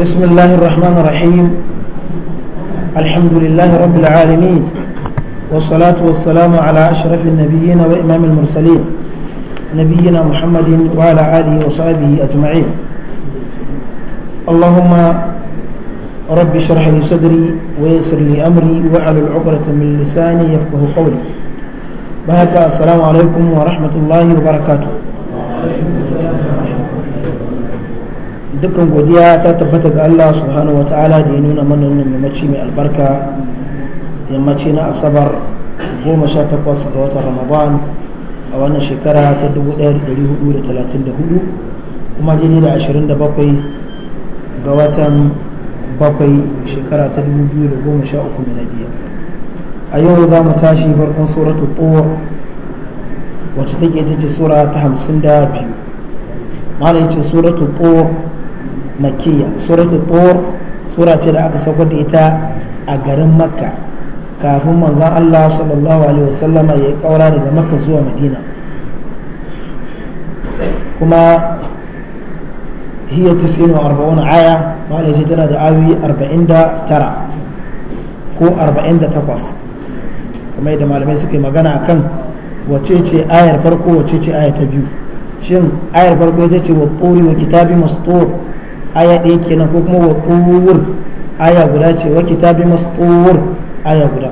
بسم الله الرحمن الرحيم الحمد لله رب العالمين والصلاة والسلام على أشرف النبيين وإمام المرسلين نبينا محمد وعلى آله وصحبه أجمعين اللهم رب اشرح لي صدري ويسر لي أمري وعلى العقرة من لساني يفقه قولي بهذا السلام عليكم ورحمة الله وبركاته dukkan godiya ta tabbata ga Allah subhanahu wataala da ya nuna mana wannan yammaci mai albarka yammaci na asabar 18 ga watan ramadan a wannan shekara ta 1434 kuma daidai da 27 ga watan bakwai shekara ta 2013 miladiya a yau za mu tashi farkon suratul tur wacce take ita ce sura ta 52 malai ce suratul tur makiyya suratul tur sura ce da aka saukar da ita a garin makka kafin manzon Allah sallallahu alaihi wasallama ya yi kaura daga makka zuwa madina kuma hiya 49 aya malai ce tana da awi 49 ko da 48 kuma yadda malamai suke magana a kan wace ce ayar farko wace ce aya ta biyu shin ayar farko ita ce wa tsori wa kitabi masu aya ɗaya kenan ko kuma wa tuwur aya guda ce wa kitabi mastuwur aya guda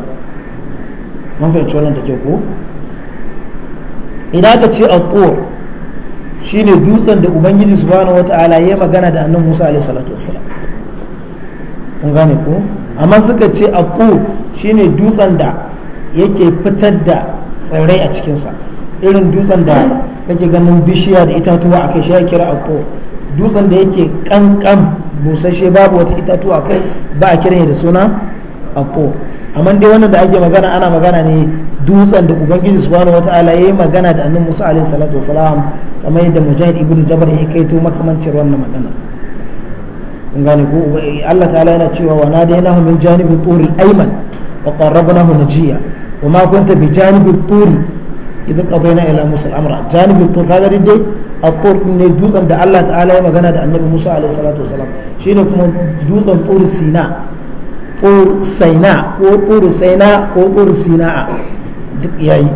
mun fahimci wannan da ke ko idan aka ce al-tuwur shine dutsen da ubangiji subhanahu wata'ala ya magana da annabi Musa alaihi salatu wassalam kun gane ko amma suka ce al-tuwur shine dutsen da yake fitar da tsirrai a cikinsa irin dutsen da kake ganin bishiya da itatuwa a kai shi ya kira al dutsen da yake kankan busashe babu wata itatuwa kai ba a kiran da suna ako amma dai wannan da ake magana ana magana ne dutsen da ubangiji subhanahu wataala yayi magana da annabi Musa alaihi salatu wasalam kamar yadda mujahid ibn Jabr ya kaito makamancin wannan magana kun gane ko Allah ta'ala yana cewa wa nadainahu min janibi turi ayman wa qarrabnahu najiya wa ma kunta bi janibi turi idan qadayna ila musa al-amra janibi turi kaga dai a tur ne dutsen da Allah ta'ala ya magana da annabi Musa alaihi salatu wasalam shine kuma dutsen tur sina tur saina ko tur saina ko tur sina duk yayi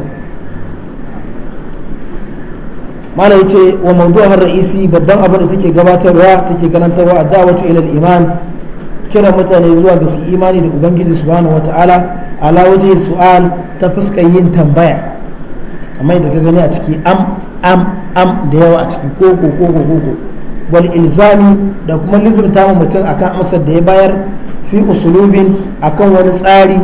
malai ce wa har ra'isi babban abin da take gabatarwa take a da'watu ila al-iman kira mutane zuwa ga su imani da ubangiji subhanahu wataala ala wajhi su'al ta fuskar yin tambaya kamar da ka gani a ciki am am am da yawa a cikin koko koko koko wal ilzami da kuma lizimta mu mutum akan amsar da ya bayar fi usulubin akan wani tsari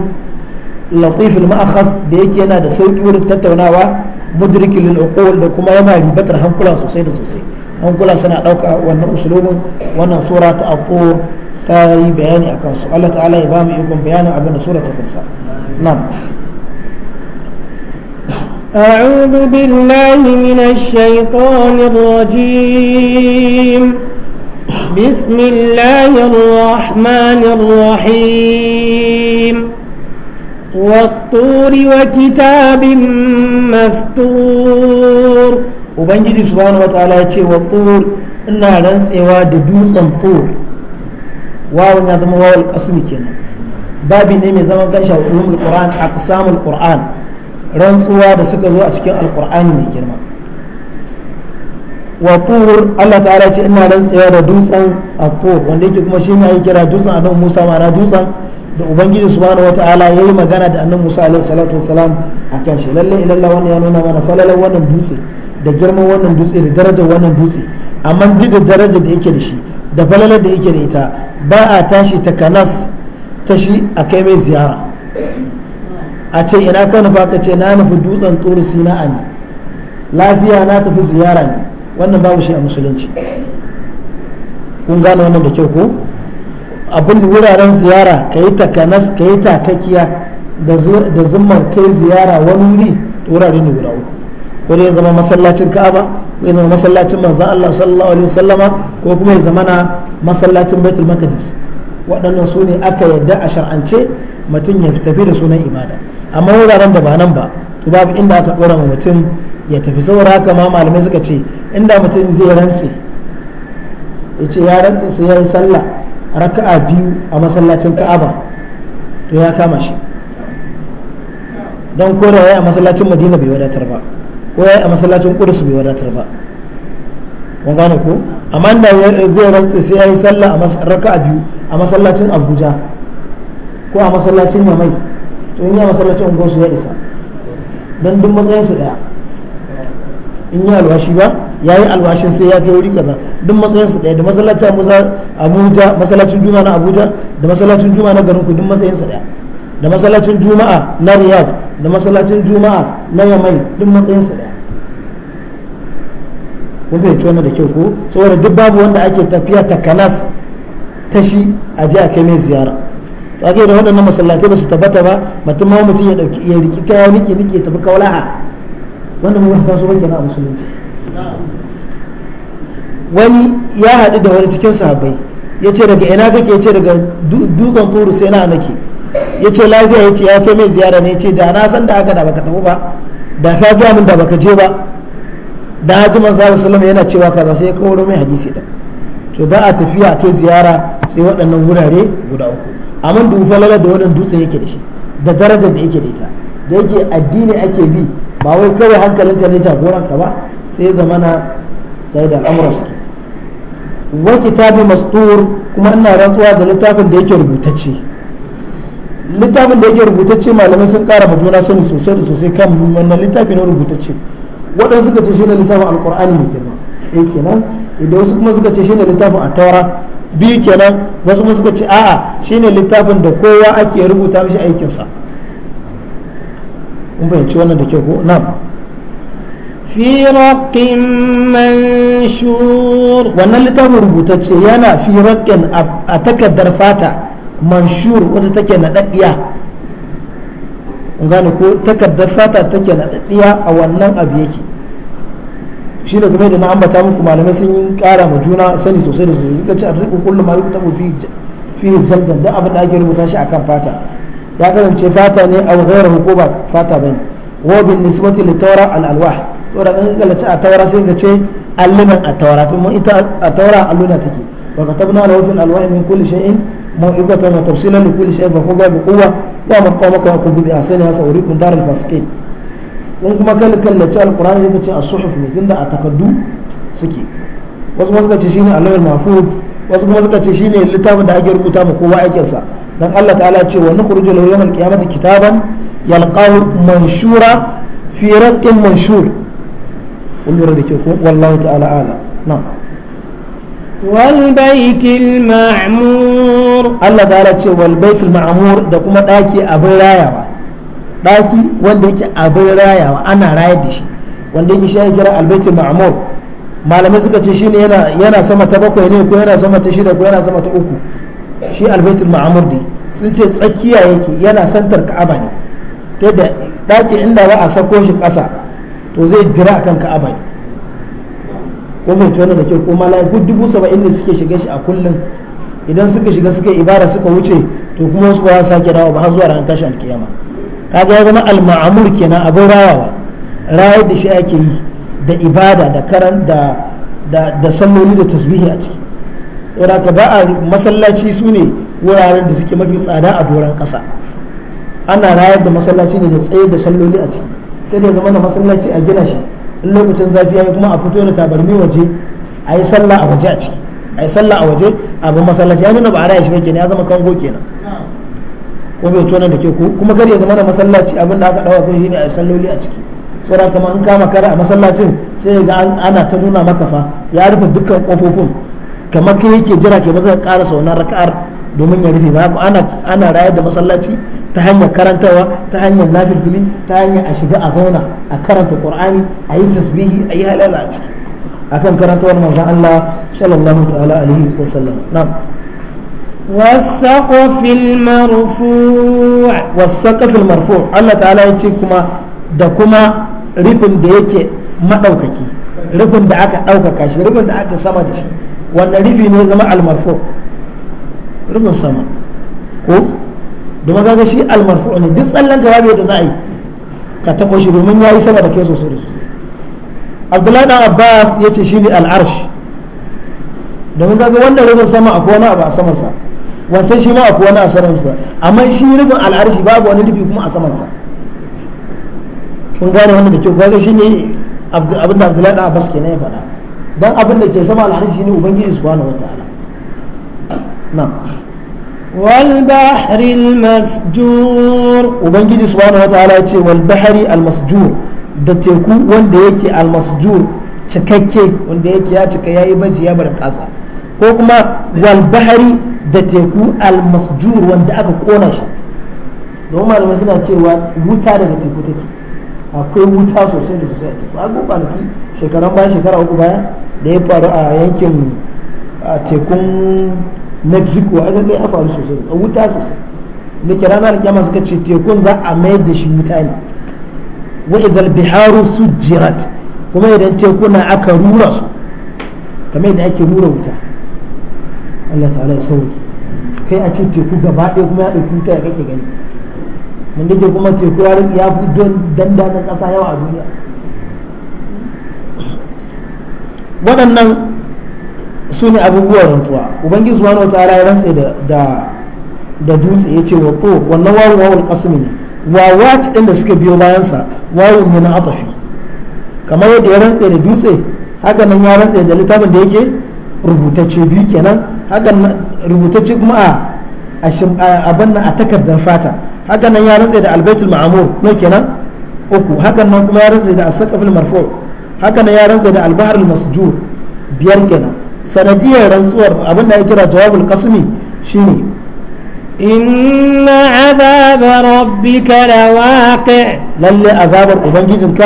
latifin ma'akhaz da yake yana da sauki wurin tattaunawa mudrikin lil da kuma yana ribatar hankula sosai da sosai hankula suna dauka wannan usulubin wannan sura ta aqur ta yi bayani akan su Allah ta'ala ya ba mu ikon bayanin abin da sura ta kunsa na'am أعوذ بالله من الشيطان الرجيم بسم الله الرحمن الرحيم والطور وكتاب مستور وبنجد سبحانه وتعالى والطور إنا رنس إواد دوس الطور واو نظم واو القسم كنا بابي نمي زمان تنشى علوم القرآن أقسام القرآن rantsuwa da suka zo a cikin alkur'ani mai girma wa tur Allah ta'ala ce ina rantsuwa da dutsen atur wanda yake kuma shine ayi kira dutsen annabi Musa ma'ana dutsen da ubangiji subhanahu wata'ala ya yi magana da annabi Musa alaihi salatu wassalam akan shi lalle ilalla wannan ya nuna mana falalar wannan dutse da girman wannan dutse da darajar wannan dutse amma duk da darajar da yake da shi da falalar da yake da ita ba a tashi ta kanas ta shi a kai mai ziyara a ce ina ka nufa ka ce na nufi dutsen turu sina'a ne lafiya na tafi ziyara ne wannan babu shi a musulunci kun gane wannan da kyau ko abin wuraren ziyara ka yi takanas ka yi takakiya da zumar kai ziyara wani wuri wurare ne guda uku ko dai zama masallacin ka'aba ko ya zama masallacin manzan Allah sallallahu alaihi wasallama ko kuma ya zama na masallacin baitul maqdis waɗannan su ne aka yadda a shar'ance mutum ya tafi da sunan ibada amma wuraren da ba nan ba to babu inda aka ɗora ma mutum ya tafi saboda haka ma malamai suka ce inda mutum zai rantse ya ce ya rantse sai ya yi sallah raka'a biyu a masallacin ka'aba to ya kama shi don ko da a masallacin madina bai wadatar ba ko ya yi a masallacin kudus bai wadatar ba kun gane ko amma da zai rantse sai ya yi sallah a raka'a biyu a masallacin abuja ko a masallacin yamai in ya masallacin su ya isa don duk matsayinsu daya in yi alwashi ba ya yi alwashin sai ya kai wuri kaza duk matsayinsu daya da masallacin abuja masallacin juma na abuja da masallacin juma na garin ku duk matsayinsu daya da masallacin juma'a na riyad da masallacin juma'a na yamai duk matsayinsu daya kun fahimci wannan da kyau ko saboda duk babu wanda ake tafiya takanas ta shi a je a kai mai ziyara ya kai da waɗannan masallatai ba su tabbata ba mutum ma mutum ya dauki ya riki kaya nike nike tafi kaulaha wanda mu ba su bakin a musulunci wani ya haɗu da wani cikin sahabbai ya ce daga ina kake ya ce daga dutsen turu sai na nake ya ce lafiya ya ce ya kai mai ziyara ne ya ce da na san da aka da baka tafi ba da ka gaya min da baka je ba da haji manzo sallama yana cewa kaza sai ya kawo mai hadisi da to ba a tafiya a kai ziyara sai waɗannan wurare guda uku amma dubu falala da wannan dutsen yake da shi da darajar da yake da ita da yake addini ake bi ba wai kawai ka ne jagoranka ba sai zamana da da al'amuran suke wa kitabi mastur kuma ina rantsuwa da littafin da yake rubutacce littafin da yake rubutacce malamai sun kara ba juna sani sosai da sosai kan wannan littafi na rubutacce waɗansu suka ce shi ne littafin alkur'ani mai girma eh kenan idan wasu kuma suka ce shi ne littafin a taura biyu kenan wasu suka ce a'a shine littafin da kowa ake rubuta mishi aikinsa in fahimci wannan da ke ko nan fi raƙin manshur wannan littafin rubutacce yana fi raƙin a takardar fata manshur wata take naɗaɗɗiya gane ko takardar fata take naɗaɗɗiya a wannan abu yake shi da kuma yadda na ambata muku malamai sun yi kara ma juna sani sosai da sosai suka ci a riƙo kullum ma yuktabu fi fi jaldan don abin da ake rubuta shi akan fata ya kasance fata ne a ghayrahu ko ba fata bane wa bin nisbati li tawra al alwah saboda in ka lace a taura sai ka ce allunan a taura to mun ita a tawra alluna take wa katabna lahu fil alwah min kulli shay'in موعظة وتفصيلا لكل شيء فخذها بقوة a قام قام خذ بأحسنها سأريكم دار الفاسقين in kuma kai kallaci alkur'ani zai ce a suhuf ne tunda a takaddu suke wasu kuma suka ce shine allahul mahfuz wasu kuma suka ce shine littafin da ake rubuta ma kowa aikin sa dan Allah ta'ala ce wa nukhrijul yawmal qiyamati kitaban yalqahu manshura fi raqin manshur kullura da ke ko wallahu ta'ala ala na'am والبيت المعمور الله تعالى والبيت المعمور ده كما داكي ابن رايا daki wanda yake abin rayawa ana rayar da shi wanda yake shayar ya kira albaitul ma'amur malamai suka ce shi yana yana sama ta bakwai ne ko yana sama ta shida ko yana sama ta uku shi albaitul ma'amur dai sun ce tsakiya yake yana santar ka'aba ne ta yadda ɗaki inda ba a sako shi ƙasa to zai jira akan ka'aba ne ko mai tona da kyau ko mala'iku dubu saba'in ne suke shiga shi a kullum idan suka shiga suka ibada suka wuce to kuma wasu ba sake dawo ba har zuwa ran tashi alkiyama kaga ya zama al-ma'amur kenan abin rayawa rayar da shi ake yi da ibada da karan da da salloli da tasbihi a ciki saboda ka ba a masallaci su ne wuraren da suke mafi tsada a doron kasa ana rayar da masallaci ne da tsaye da salloli a ciki kada ya zama da masallaci a gina shi in lokacin zafi ya kuma a fito da tabarmi waje a yi sallah a waje a ciki a yi sallah a waje a masallaci ya nuna ba a raya shi ba kenan ya zama kango kenan ko bai nan da ke ko kuma kar ya zama na masallaci abin da aka dawa kai shine a salloli a ciki saboda kama an kama kara a masallacin sai ga ana ta nuna maka fa ya rufe dukkan kofofin kamar kai yake jira ke maza kara saunar raka'ar domin ya rufe ba ana ana rayar da masallaci ta hanyar karantawa ta hanyar nafilfili ta hanyar a shiga a zauna a karanta qur'ani a yi tasbihi a yi halala a ciki akan karantawar manzon Allah sallallahu ta'ala alaihi wasallam na'am والسقف المرفوع والسقف المرفوع الله تعالى يجي كما da kuma rufin da yake maɗaukaki rufin da aka ɗaukaka shi rufin da aka sama da shi wannan rufi ne zama almarfo rufin sama ko domin kaga shi almarfo ne duk tsallan gaba bai da za yi ka taɓo shi domin ya yi sama da kai sosai sosai abdullahi dan abbas ya ce shi ne al'arsh wannan rufin sama akwai wani abu a samansa wancan shi ma akwai wani a samansa amma shi rufin al'arshi babu wani rufi kuma a samansa kun gane wannan da kyau kaga shi ne abin da abdullahi da abbas kenan ya faɗa dan abin da ke sama al'arshi shine ubangiji subhanahu wataala na'am والبحر المسجور وبنجي سبحانه وتعالى يقول والبحر المسجور da teku wanda yake almasjur cikakke wanda yake ya cika yayi baji ya bar kasa ko kuma wal bahari da teku almasjur wanda aka kona shi don malamai suna cewa wuta daga teku take akwai wuta sosai da sosai a teku a kwanaki shekaran baya shekara uku baya da ya faru a yankin tekun mexico a ga ya faru sosai a wuta sosai da ke ranar kyama suka ce tekun za a mayar da shi wuta ne wa idal biharu jirat kuma idan tekuna aka rura su kamar yadda ake rura wuta Allah ta'ala ya sauke kai a ce teku gaba ɗaya kuma ya ɗauki wuta ya kake gani mun dake kuma teku ya ya fi don dandanin ƙasa yawa a duniya waɗannan su ne abubuwan rantsuwa ubangiji subhanahu ta'ala ya rantse da dutse ya ce wa wannan wawon wawon ƙasumi ne wawa ɗin da suka biyo bayansa wawon ne na atafi kamar yadda ya rantse da dutse haka nan ya rantse da littafin da yake rubutacce biyu kenan hakan rubutacce kuma a abin nan a takardar fata hakan nan ya rantse da albaitul ma'amur no kenan uku hakan nan kuma ya rantse da asaqaful marfu hakan nan ya rantse da albaharul masjur biyar kenan sanadiyar rantsuwar abin da ya kira jawabul qasmi shine إن عذاب ربك لواقع للي عذاب أبنجيزك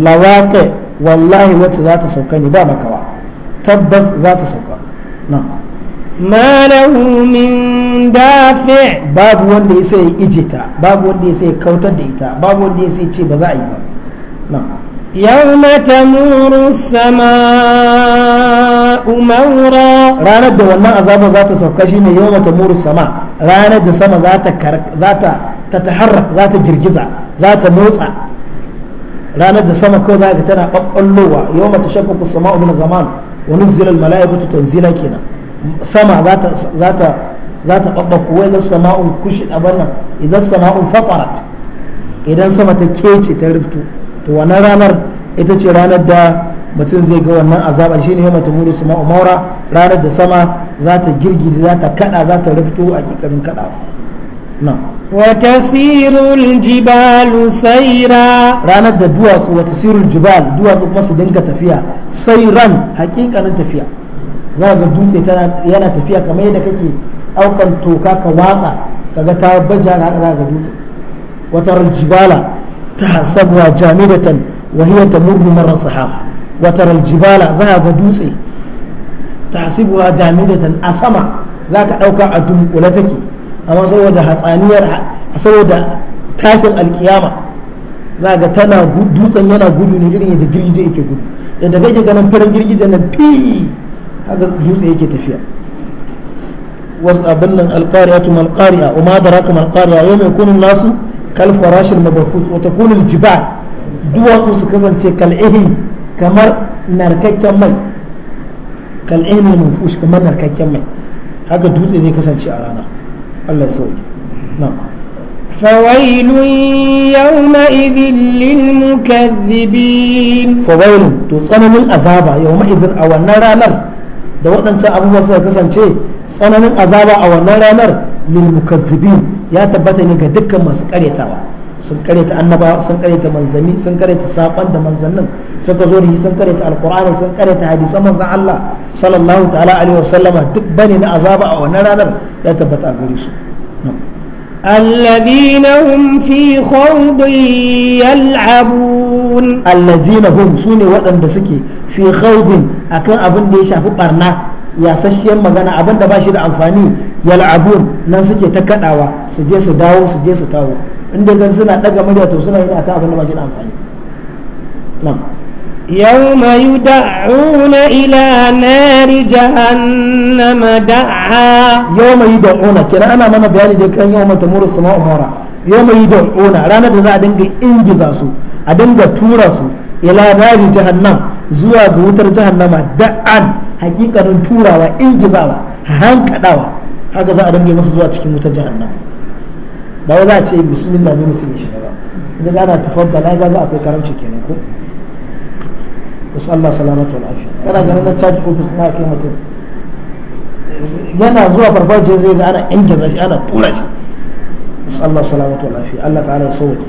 لواقع والله وتذات سوكاني بابك tabbas za ta sauka na ma lahu min dafi babu wanda ya sai ijita babu wanda ya sai kautar da ita babu wanda ya sai ce ba za a yi ba na yawma tamuru sama'u maura ranar da wannan azaba za ta sauka shine yawma tamuru sama ranar da sama za ta za ta tataharrak za ta girgiza za ta motsa ranar da sama kawai za ka tana ɓaɓɓallowa yau mata shakka ku sama ubin wani zilal mala'ikatu tanzila kenan sama za ta za ta za ta idan sama'un kushit abanna idan sama'un idan sama ta kece ta rifto to wannan ranar ita ce ranar da mutum zai ga wannan azaba shine yau mutum mulu sama'u maura ranar da sama za ta girgiri za ta kada za ta rifto a kikarin kadawa وتسير الجبال سيرا رانا دواتس وتسير الجبال دواتس ما سدنك تفيا سيرا حقيقة أنا تفيا ga dutse yana tafiya kamar da kake aukan toka ka watsa kaga ta baja haka za ga dutse wata rajibala ta hasabuwa jamidatan wa hiya tamurru marra sahab wata rajibala za ga dutse ta a sama za ka a dunkule take amma saboda hatsaniyar saboda tashin alkiyama za ga tana dutsen yana gudu ne irin yadda girgije yake gudu yadda kake ganin farin girgije nan fi haka dutse yake tafiya wasu abin nan alqariyatu mal qariya wa ma daraka mal qariya yau mai kunun nasu kal farashin mabafus wa takunul jiba duwatsu su kasance kal'ihi kamar narkakken mai kal'ihin mafush kamar narkakken mai haka dutse zai kasance a rana الله يسوي نعم to tsananin azaba yau تصنن الأزابة يومئذ أو النرانر da waɗancan abubuwa suka kasance tsananin azaba a wannan ranar lil mukazzibin ya tabbata ne ga dukkan masu karyatawa sun karyata annaba sun karyata manzanni sun karyata saban da manzannin suka zo da shi sun karyata alqur'ani sun karyata hadisan manzon Allah sallallahu ta'ala alaihi wasallama duk bane na azaba a wannan ranar ya tabbata a gare su suke هم في خوض abin da ya shafi barna دسكي magana خوض أكن أبن دي شافو برنا يا سشيان مغانا أبن دباشر أنفاني يلعبون نسكي تكتاوا su سداو su tawo. inda suna daga murya to suna yi da kafin da mashi amfani nan yawma yud'una ila nari jahannam da'a yawma yud'una kira ana mana bayani da kan yawma tamuru sama'u bara yawma yud'una ranar da za a dinga ingiza su a dinga tura su ila nari jahannam zuwa ga wutar jahannama da'an hakikanin turawa ingizawa hankadawa haka za a dinga masu zuwa cikin wutar jahannama ba wai za a ce bismillah ne mutum ya shiga ba idan ana tafaddala ga za akwai karamci kenan ko wasu Allah salamatu wal afiya kana ganin na charge office na kai mutum yana zuwa farfajiyar zai ga ana ingiza shi ana tura shi wasu Allah salamatu wal afiya Allah ta'ala ya sauke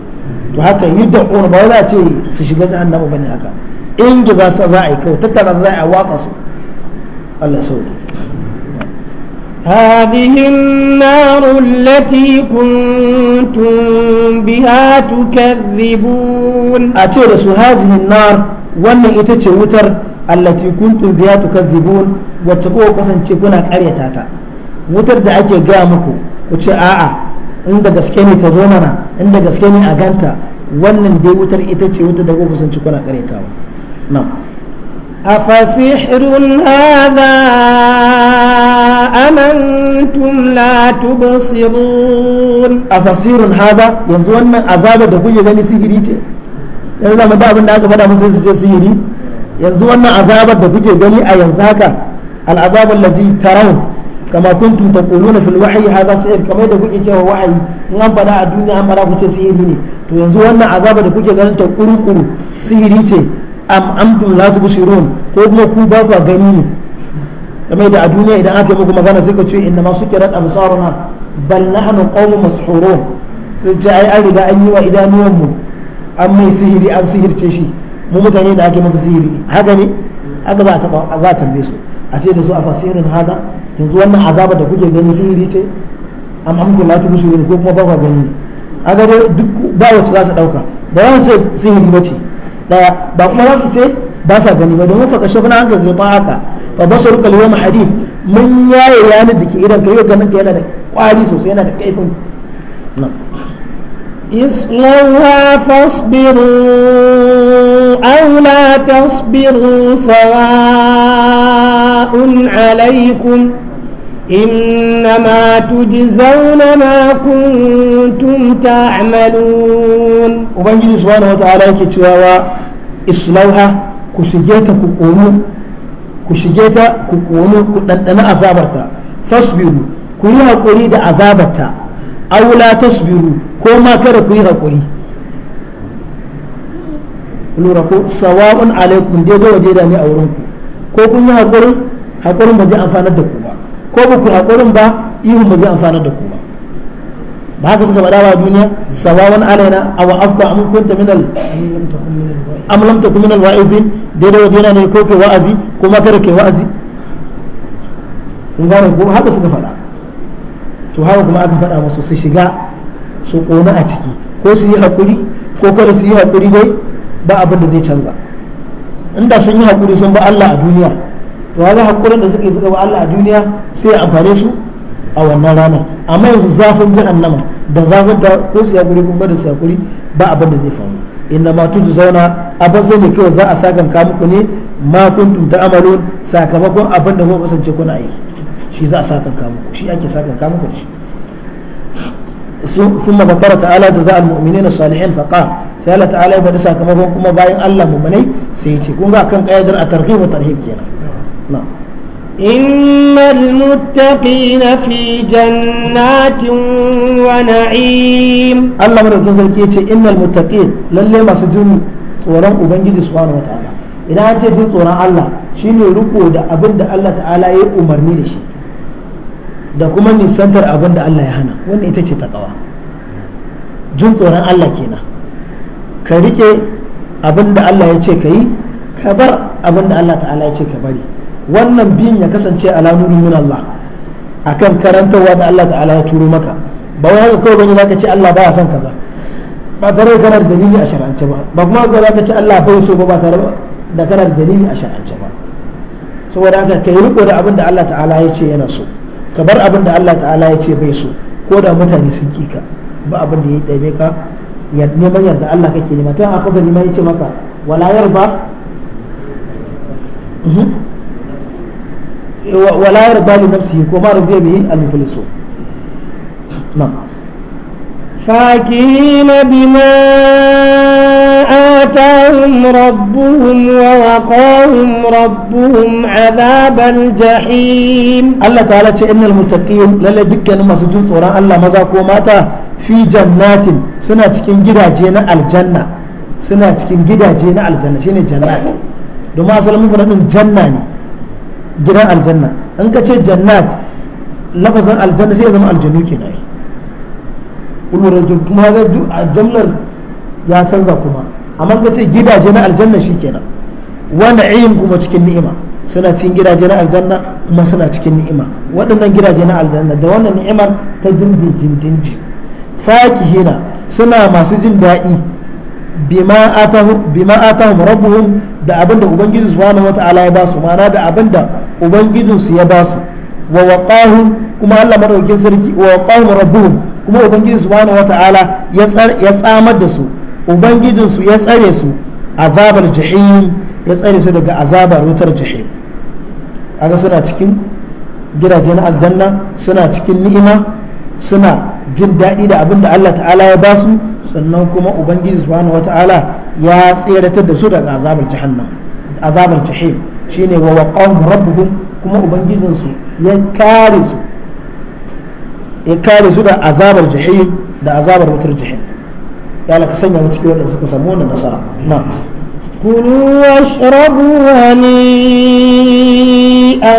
to haka yi da ƙona ba za a ce su shiga jahannama ba ne haka ingiza su za a yi kawai tattara za a yi a watsa su Allah ya sauke هذه النار التي كنتم بها تكذبون أتير سو هذه النار وانا إتتي وتر التي كنتم بها تكذبون وتقوى قصن تكون كارية تاتا وتر دا أتي قامكو وتي آآ inda gaske ne ta zo mana inda gaske ne a ganta wannan dai wutar ita ce wuta da kuka sun ci kuna karetawa na'am أفسحر هذا أم أنتم لا تبصرون أفسحر هذا ينزون عذاب دكوية yanzu da da abin da aka fada musu su je sihiri yanzu wannan azabar da kuke gani a yanzu haka al'azabar lazi taraun kama kuntum taquluna fil wahyi hadha sihir kamar da kuke cewa wahayi in an faɗa a duniya an faɗa ku ce sihiri ne to yanzu wannan azabar da kuke ganin ta kurukuru sihiri ce am antum la tubsirun ko kuma ku ba ku gani ne kamar da a duniya idan aka yi muku magana sai ka ce inna ma sukirat absaruna bal nahnu qawmun mashhurun sai ce ai an riga an yi wa idanuwan mu an mai sihiri an sihirce shi mu mutane da ake masa sihiri haka ne haka za a za ta tambaye su a ce da su a fasirin hada yanzu wannan azaba da kuke gani sihiri ce am amtum la tubsirun ko kuma ba ku gani ne haka dai duk ba wacce za su dauka ba za su sihiri ba ce daya ba kuma za su ce ba sa gani ba domin faka shafin an gaggata haka fa basaru kal yawma mun yaye yanar da ke idan ka yi ganin ka yana da kwari sosai yana da kaifin nan اصلوها فاصبروا أو لا تصبروا سواء عليكم إنما تجزون ما كنتم تعملون وبنجي سبحانه وتعالى كتوا إصلاحها كسجيتا كقومو كسجيتا كقومو كدنا أزابرتا فاصبروا كلها دا أزابرتا أو لا تصبروا كوما كره كلها قريد lura ko عليكم alaikum daidai wa daidai ne a wurinku ko kun yi haƙurin haƙurin ba ko ba ku haƙurin ba ihun ba zai amfana da ku ba ba haka suka faɗa wa duniya sawawan alaina aw wa afka kunta min al am lam takun min al wa'izin daidai wa dina ne ko kai wa'azi kuma kada ke wa'azi kun gane ko haka suka faɗa to haka kuma aka faɗa musu su shiga su kona a ciki ko su yi haƙuri ko kada su yi haƙuri dai ba abin da zai canza inda sun yi haƙuri sun ba Allah a duniya to haka hakurin da suke suka ba Allah a duniya sai ya amfane su a wannan rana amma yanzu zafin jahannama da zafin ta ko su yakuri kun gwada su yakuri ba abin da zai faru inna ma tuju zauna abin sai ne kawai za a sakan ka muku ne ma kuntum ta'malun sakamakon abin da kuka kasance kuna yi shi za a sakan ka muku shi ake sakan ka muku da shi ثم ذكر تعالى جزاء المؤمنين الصالحين فقال سأل تعالى بدسا كما كما باين الله مؤمنين سيجي كون كان قيادر الترغيب والترهيب كينا إن المتقين في جنات ونعيم الله ce يقول لك إن المتقين للي ما سجن tsoron Ubangiji subhanahu wataala idan an ce jin tsoron Allah shine riko da abin Allah ya umarni da shi da kuma nisantar abin da Allah ya hana wannan ita ce takawa jin tsoron Allah kenan ka rike abin da Allah ya ce ka bar abinda Allah ta'ala ya ce ka bari wannan biyun ya kasance ala nurin min Allah akan karantarwa da Allah ta'ala ya turo maka ba wai haka kawai bane zaka ce Allah baya son kaza ba tare da kana da dalili a shar'ance ba ba kuma haka zaka ce Allah bai so ba ba tare da kana da dalili a shar'ance ba saboda haka kai riko da abin da Allah ta'ala ya ce yana so ka bar abin da Allah ta'ala ya ce bai so ko da mutane sun ki ka ba abin da ya ɗabe ka ya neman yarda Allah kake nema tun akwai da neman ya ce maka wala yarda mhm. ولا يرضى لنفسه وما رضي به المفلسون نعم فاكهين بما آتاهم ربهم ووقاهم ربهم عذاب الجحيم الله تعالى إن المتقين للا دكا نما سجن صورا الله مزاكو ماتا في جنات سنة تكين جدا جينا الجنة سنة تكين جدا جينا الجنة شيني جنات دوما أصلا مفردن جنة gidan aljanna in ka ce jannat lafazin aljanna sai ya zama aljannu ke na yi kuma ga jumlar ya canza kuma amma ka ce gidaje na aljanna shi kenan wanda ayin kuma cikin ni'ima suna cikin gidaje na aljanna kuma suna cikin ni'ima waɗannan gidaje na aljanna da wannan ni'imar ta dindindindinji fakihina suna masu jin daɗi bima atahu bima atahum rabbuhum da abinda ubangiji subhanahu wataala ya basu ma'ana da abinda ubangijin su ya basu wa waqahum kuma Allah madaukin sarki wa waqahum rabbuhum kuma ubangiji subhanahu wataala ya tsar ya tsamar da su ubangijin su ya tsare su azabar jahim ya tsare su daga azabar wutar jahim aga suna cikin gidaje na aljanna suna cikin ni'ima suna jin daɗi da abinda Allah ta'ala ya basu sannan kuma ubangiji subhanahu wata'ala ya tseratar da su daga azabar jahannam azabar jahim shine wa waqahum rabbuhum kuma ubangijin su ya kare su ya kare su da azabar jahim da azabar wutar jahim ya laka sanya mu cikin wadanda suka samu wannan nasara na'am كلوا واشربوا هنيئا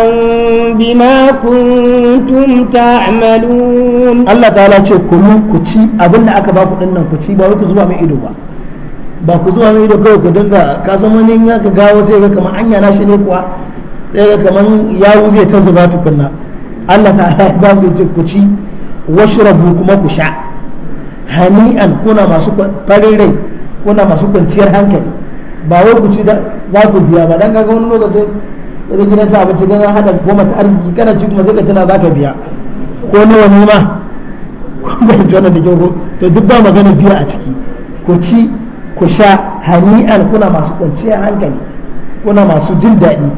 بما كنتم تعملون الله تعالى ce kulu ku ci abin da aka baku dinnan ku ci ba wai ku zuba mai ido ba ku zuba mai ido kawai ku dinga ka san wani in aka gawo sai ga kamar anya na shi ne kuwa sai ga kamar ya zai ta zuba tukunna Allah Ta ya ba ku ku ci washrabu kuma ku sha hani'an kuna masu farin rai kuna masu kwanciyar hankali ba wai ku ci da za ku biya ba dan kaga wani lokacin da gidan ta abinci ganin hada goma ta arziki kana ci kuma sai ka tana za ka biya ko ne wani ma bai ji wannan da kyau to duk ba magana biya a ciki ku ci ku sha hani'an kuna masu kwanciyar hankali kuna masu jin daɗi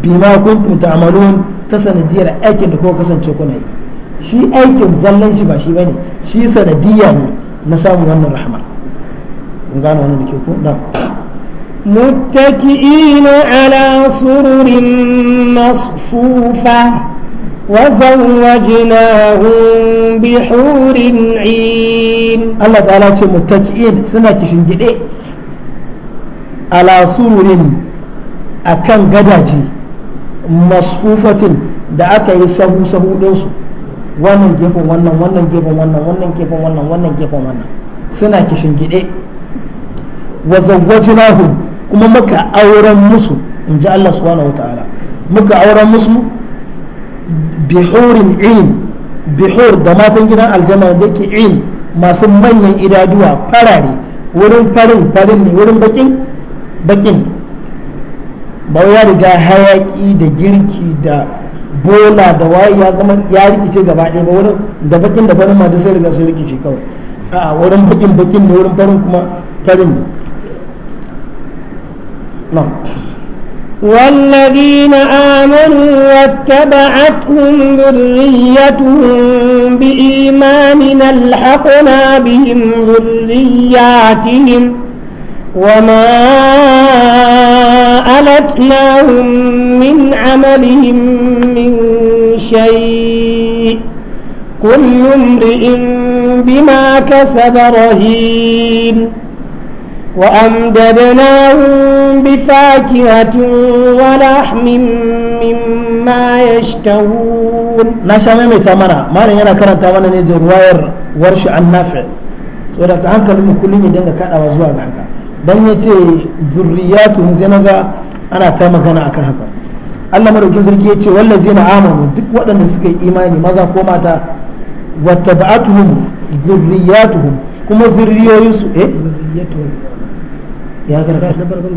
bima kun ta'malun ta sanadiyar aikin da kuka kasance kuna yi shi aikin zallan shi ba shi bane shi sanadiyya ne na samun wannan rahama kun wannan da kyau ko متكئين على سرر مصفوفة وزوجناهم بحور عين الله تعالى متكئين سنة شنجد على سرر أكن قداجي مصفوفة da aka yi sahu sahu ɗinsu wannan gefen wannan wannan gefen wannan wannan gefen wannan wannan gefen wannan suna kishin gide wa zawwajnahum kuma muka auren musu in ji Allah subhanahu wata'ala muka auren musu bihurin in bihur da matan gidan aljanna da ke in masu manyan idaduwa farare wurin farin farin ne wurin bakin bakin ba ya riga hayaki da girki da bola da waye ya zama ya rikice gaba ɗaya ba wurin da bakin da farin ma da sai riga sai rikice kawai a wurin bakin bakin ne wurin farin kuma farin ne نعم والذين آمنوا واتبعتهم ذريتهم بإيمان ألحقنا بهم ذرياتهم وما ألتناهم من عملهم من شيء كل امرئ بما كسب رهين وأمددناهم بفاكهة ولحم مما يشتهون نشامي متامنا ما لن ينا كرن تامنا ندر واير ورش عن نافع سورة عنك المكلين يدنك كان وزواج عنك dan ya ce zurriyatu sai na ga ana ta magana akan haka Allah madaukin sarki ya ce wallazi na amanu duk waɗanda suka yi imani maza ko mata wattaba'atuhum zurriyatuhum kuma zurriyoyinsu eh ya karanta na farkon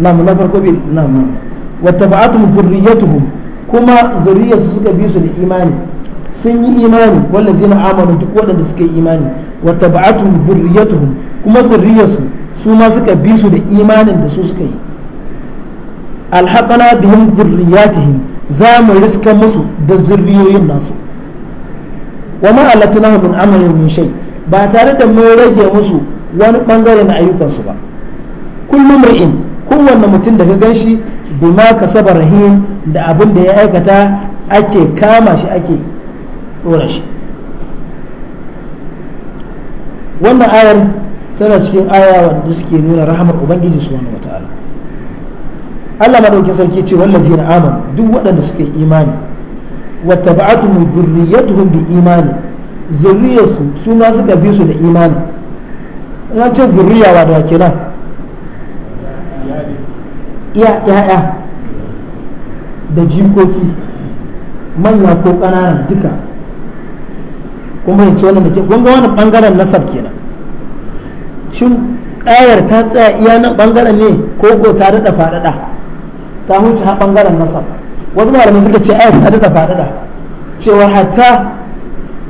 na farko bil wa zurriyatuhum kuma zuriyarsu suka bi su da imani sun yi imani wallazina amanu duk waɗanda suka yi imani wa tabi'atuhum zurriyatuhum kuma zurriyarsu su ma suka bi su da imanin da su suka yi alhaqana bihim zurriyatihim za mu riska musu da zurriyoyin nasu wa ma alatnahu min amalin min shay ba tare da mun rage musu wani bangare na ayyukansu ba kullum mar'in kowanne mutum da ka ganshi bima ka saba rahim da abin da ya aikata ake kama shi ake dora shi wannan ayar tana cikin ayawa da suke nuna rahamar ubangiji su wani wata'ala Allah madaukin sarki ce wallazi na aman duk waɗanda suke yi imani wata ba'atumu zurriyatuhum bi imani zurriyarsu suna suka bi su da imani na ce zurriya wa da kenan iya ya'ya da jikoki manya ko ƙananan duka kuma yanci wannan da ke gwamga wani ɓangaren nasar kenan shin ƙayar ta tsaya iya nan ɓangaren ne ko ko ta daɗa faɗaɗa ta huce ha ɓangaren nasar wasu malamai suka ce ayar ta daɗa faɗaɗa cewa hatta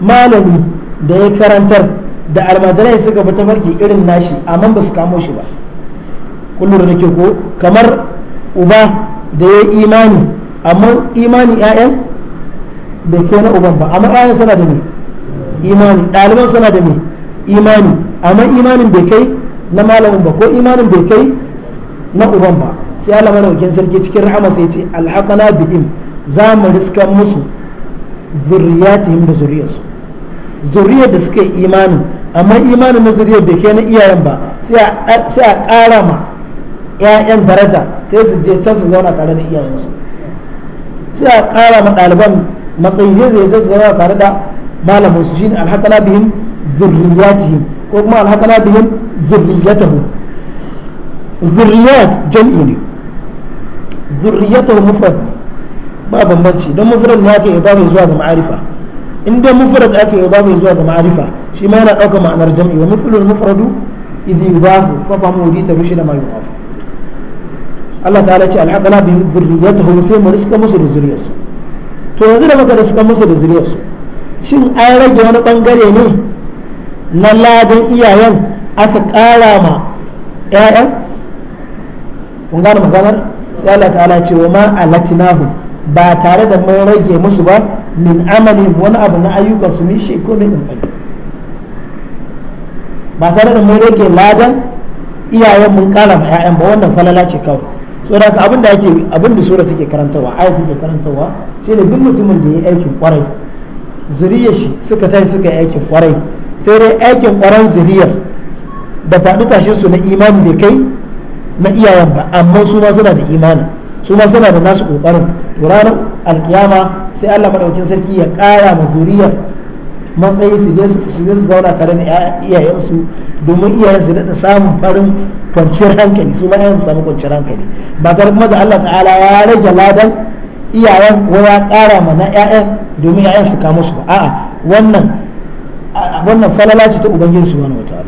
malami da ya karantar da almajirai suka bi tafarki irin nashi amma ba su kamo shi ba kullum da ke ko kamar uba da ya imani amma imani yayan bai kai na uban ba amma yayan suna da ne imani ɗaliban suna da ne imani amma imanin bai kai na malamin ba ko imanin bai kai na uban ba sai Allah wakil sarki cikin rahama sai ce alhaqana bi'in za mu riska musu zurriyatihim da zuriyarsu zuriyar da suka yi imanin amma imanin na zuriyar bai kai na iyayen ba sai a ƙara ma 'ya'yan daraja sai su je can su zauna tare da iyayensu sai a ƙara ma ɗaliban matsayi zai zai je su zauna tare da malamin su shine alhakala bihim zurriyatihim ko kuma alhakala bihim zurriyatahum zurriyat jam'i ne zurriyatahum mufrad ba bambanci don mufrad ne ake idafa zuwa ga ma'arifa in dai mufrad ake idafa zuwa ga ma'arifa shi ma yana ɗaukar ma'anar jam'i wa mithlul mufradu idh yudafu fa famu ta bishi da ma yudafu Allah ta'ala ce alhaqna bi dhurriyyatihim sai mu riska musu da zuriyarsu to yanzu da muka riska musu da zuriyarsu shin an rage wani bangare ne na ladan iyayen aka ƙara ma ƴaƴan kun gane maganar sai Allah ta ce wa ma alatinahu ba tare da mun rage musu ba min amali wani abu na ayyukan su min shi ko min ɗanɗan ba tare da mun rage ladan iyayen mun ƙara ma 'ya'yan ba wannan falala ce kawai saboda ka abin da ake abin da sura take karantarwa ayat take karantarwa shine duk mutumin da ya aikin kwarai zuriyar shi suka tashi suka yi aikin kwarai sai dai aikin kwaran zuriyar da faɗi tashin su na imani bai kai na iyayen ba amma su ma suna da imani su ma suna da nasu kokarin ranar alkiyama sai Allah madaukin sarki ya ƙara ma zuriyar matsayi su je su zauna tare da iyayensu domin iyayensu da samun farin kwanciyar hankali su ma su samu kwanciyar hankali ba tare kuma da Allah ta'ala ya rage ladan iyayen ko ya kara mana ƴaƴan domin ƴaƴan su kama su ba a'a wannan wannan falala ce ta wani wata ala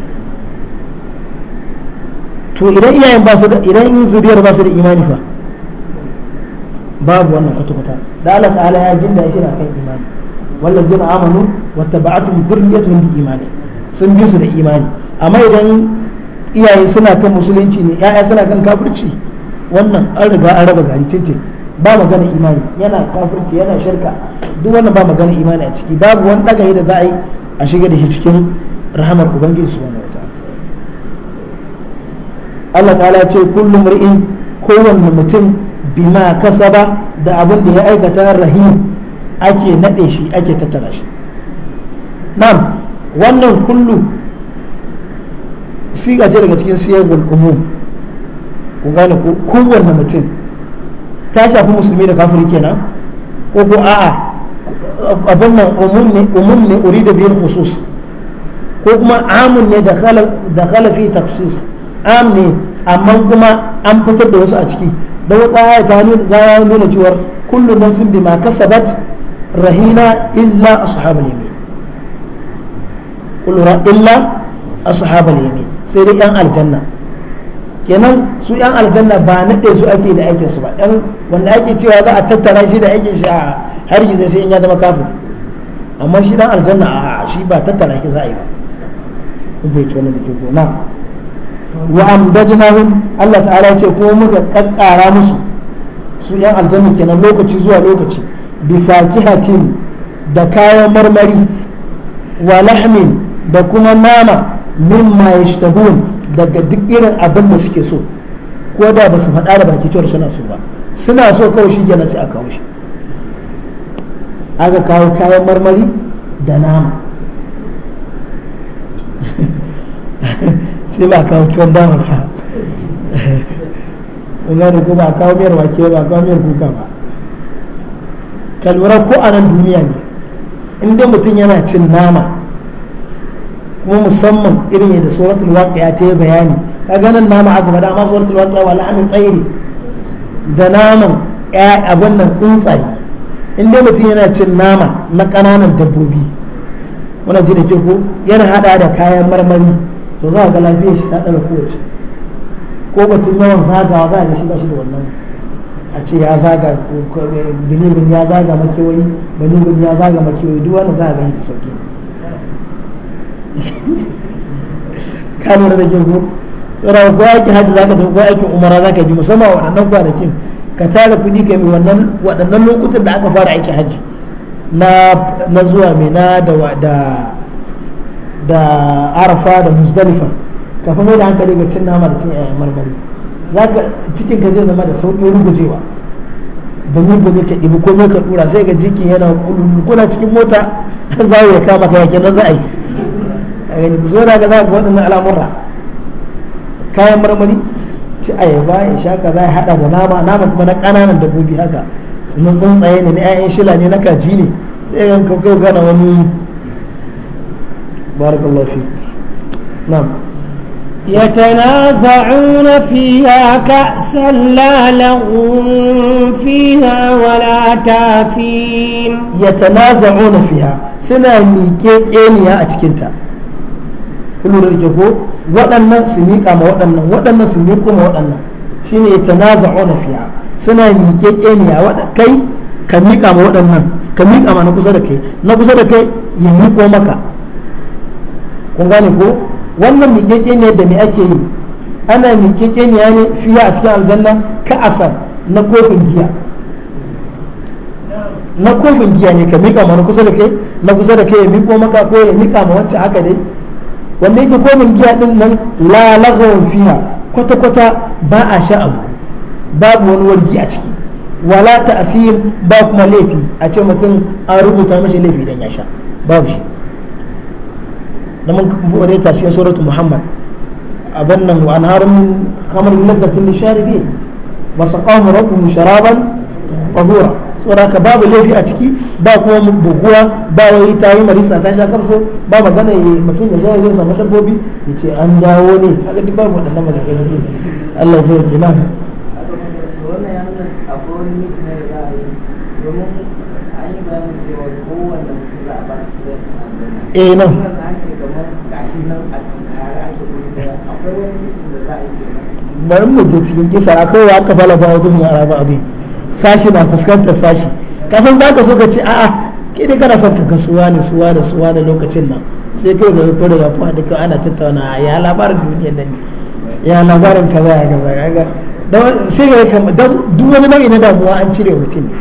to idan iyayen ba su da idan zuriyar ba su da imani fa babu wannan kwata-kwata da Allah ta'ala ya ginda shi na kan imani wallazina amanu wattaba'atuhum dhurriyyatuhum biimani sun bi su da imani amma idan iyaye suna kan musulunci ne yaya suna kan kafirci wannan an riga an raba gari tintin ba magana imani yana kafirci yana shirka duk wannan ba magana imani a ciki babu wani dagaye da za a yi a shiga da shi cikin rahamar ubangiji subhanahu wataala Allah ta'ala ce kullum ri'in kowanne mutum bima kasaba da abin da ya aikata rahim ake naɗe shi ake tattara shi nan wannan kullu siga ce daga cikin siyagul umum ku gane ko kowanne mutum ta shafi musulmi da kafiri kenan ko ko a'a abin nan umum ne uri da biyan khusus ko kuma amun ne da khalafi taksis am ne amma kuma an fitar da wasu a ciki don wata ya ta nuna cewar kullum nafsin bima kasabat rahina illa ashabul yamin kulura illa ashabul yamin sai dai yan aljanna kenan su yan aljanna ba naɗe su ake da aikin su ba yan wanda ake cewa za a tattara shi da aikin shi a har gizo sai in ya zama kafin amma shi dan aljanna a shi ba tattara shi za a yi ba kun bai tona da ke gona wa amdadnahum Allah ta'ala ce kuma muka kakkara musu su yan aljanna kenan lokaci zuwa lokaci bifakihatin da kayan marmari wa lahmin da kuma nama mimma yashtahun daga duk irin abin da suke so ko da ba su faɗa da baki cewar suna so ba suna so kawai shi kenan sai a kawo shi aka kawo kayan marmari da nama sai ba kawo tuwon dama ba ko ba kawo miyar wake ba kawo miyar kuka ba ka lura ko a nan duniya ne inda mutum yana cin nama kuma musamman irin yadda suratul waqi'a ta yi bayani ka ganin nama aka da amma suratul waqi'a wa lahamin tsairi da naman abin nan tsuntsaye inda mutum yana cin nama na kananan dabbobi wannan ji da ke ko yana hada da kayan marmari to za ga lafiyar shi ta ɗaga kowace ko batun yawan zagawa za a ga shi ba shi da wannan a ce ya zaga bilimin ya zaga makewayi bilibin ya zaga makewayi duk wanda za a gani da sauki kamar da ke ko tsara ko aikin hajji zaka tafi ko aikin umara zaka ji musamman waɗannan kwanakin ka tara kuɗi ga wannan waɗannan lokutan da aka fara aiki hajji na zuwa mai na da da arafa da muzdalifa kafin mai da hankali ga cin nama da cin yayan marmari ka cikin ka zai zama da sauƙi rugujewa domin ba gudu ka ɗibi komai ka ɗura sai ga jikin yana kuna cikin mota zawo ya kama ka yake nan za a yi a gani so da ka za ka waɗannan al'amurra kayan marmari ci ayaba ya sha ka za a haɗa da nama nama kuma na ƙananan dabbobi haka sannan tsuntsaye ne na 'ya'yan shila ne na kaji ne sai ga kaukau gana wani barakallahu fi na'am يتنازعون فيها كأسا لا لغو فيها ولا تاثيم يتنازعون فيها سنة ميكيكينيا أتكنتا كل رجبو waɗannan su miƙa ma waɗannan waɗannan su miƙo ma waɗannan shine yatanaza'una fiha suna miƙeƙeniya waɗa kai ka miƙa ma waɗannan ka miƙa ma na kusa da kai na kusa da kai ya miƙo maka kun gane ko wannan ne da me ake yi ana miƙeƙe ne fiye a cikin aljanna ka asar na kofin giya na kofin giya ne ka miƙa ma na kusa da kai na kusa da kai ya miƙo maka ko ya miƙa ma wacce haka dai wanda yake kofin giya din nan lalagawan fiya kwata-kwata ba a sha abu babu wani wargi a ciki wala ta'asir ba kuma laifi a ce mutum an rubuta mashi laifi idan ya sha babu shi na mun wadai ta cikin suratu muhammad abin nan wa anharu min lazzatin lisharibin wa saqahum rabbuhum sharaban tahura saboda ka babu laifi a ciki ba kuma buguwa ba wai ta yi marisa ta sha kafso ba magana ya mutum ya sha zai samu sabbobi ya ce an dawo ne haka duk babu waɗannan maganganu Allah zai ce na wannan ya nuna akwai wani e eh, nan bari mu je cikin kisa a kawai aka fala ba wajen mu araba abin sashi na fuskantar sashi kafin ka so ka ce a'a ke kana son ka suwa ne suwa da suwa da lokacin nan sai kai da da rafuwa da ana tattauna ya labarin duniyar nan ya labarin kaza ya sai ga duk wani nau'i na damuwa an cire mutum ne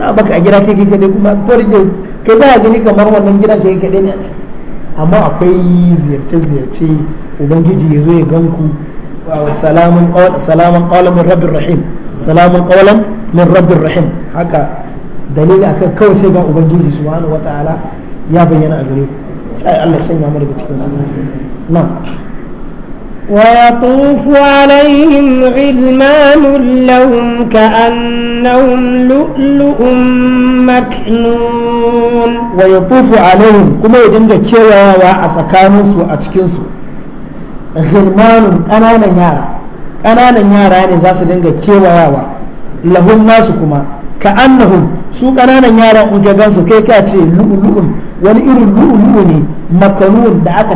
a baka a gida kai kai kadai kuma farje kai ba gani kamar wannan gidan kai ne a ce amma akwai ziyarce-ziyarce ubangiji ya zo ya ganku salamun salamun qawlan min rabbir rahim salamun qawlan min rabbir rahim haka dalili akan kawai sai ga ubangiji subhanahu wataala ya bayyana a gare ku ai Allah sanya mu daga cikin su na ويطوف عليهم غلمان لهم كأنهم لؤلؤ مكنون ويطوف عليهم كما يدنجا كيوا وأسكانوس وأتكنسو غلمان قنانا يارا قنانا يارا يعني زاس دنجا كيوا لهم ناس كما كأنهم su ƙananan yara in ka gansu kai ka ce lu'ulu'un wani irin lu'ulu'u ne makanun da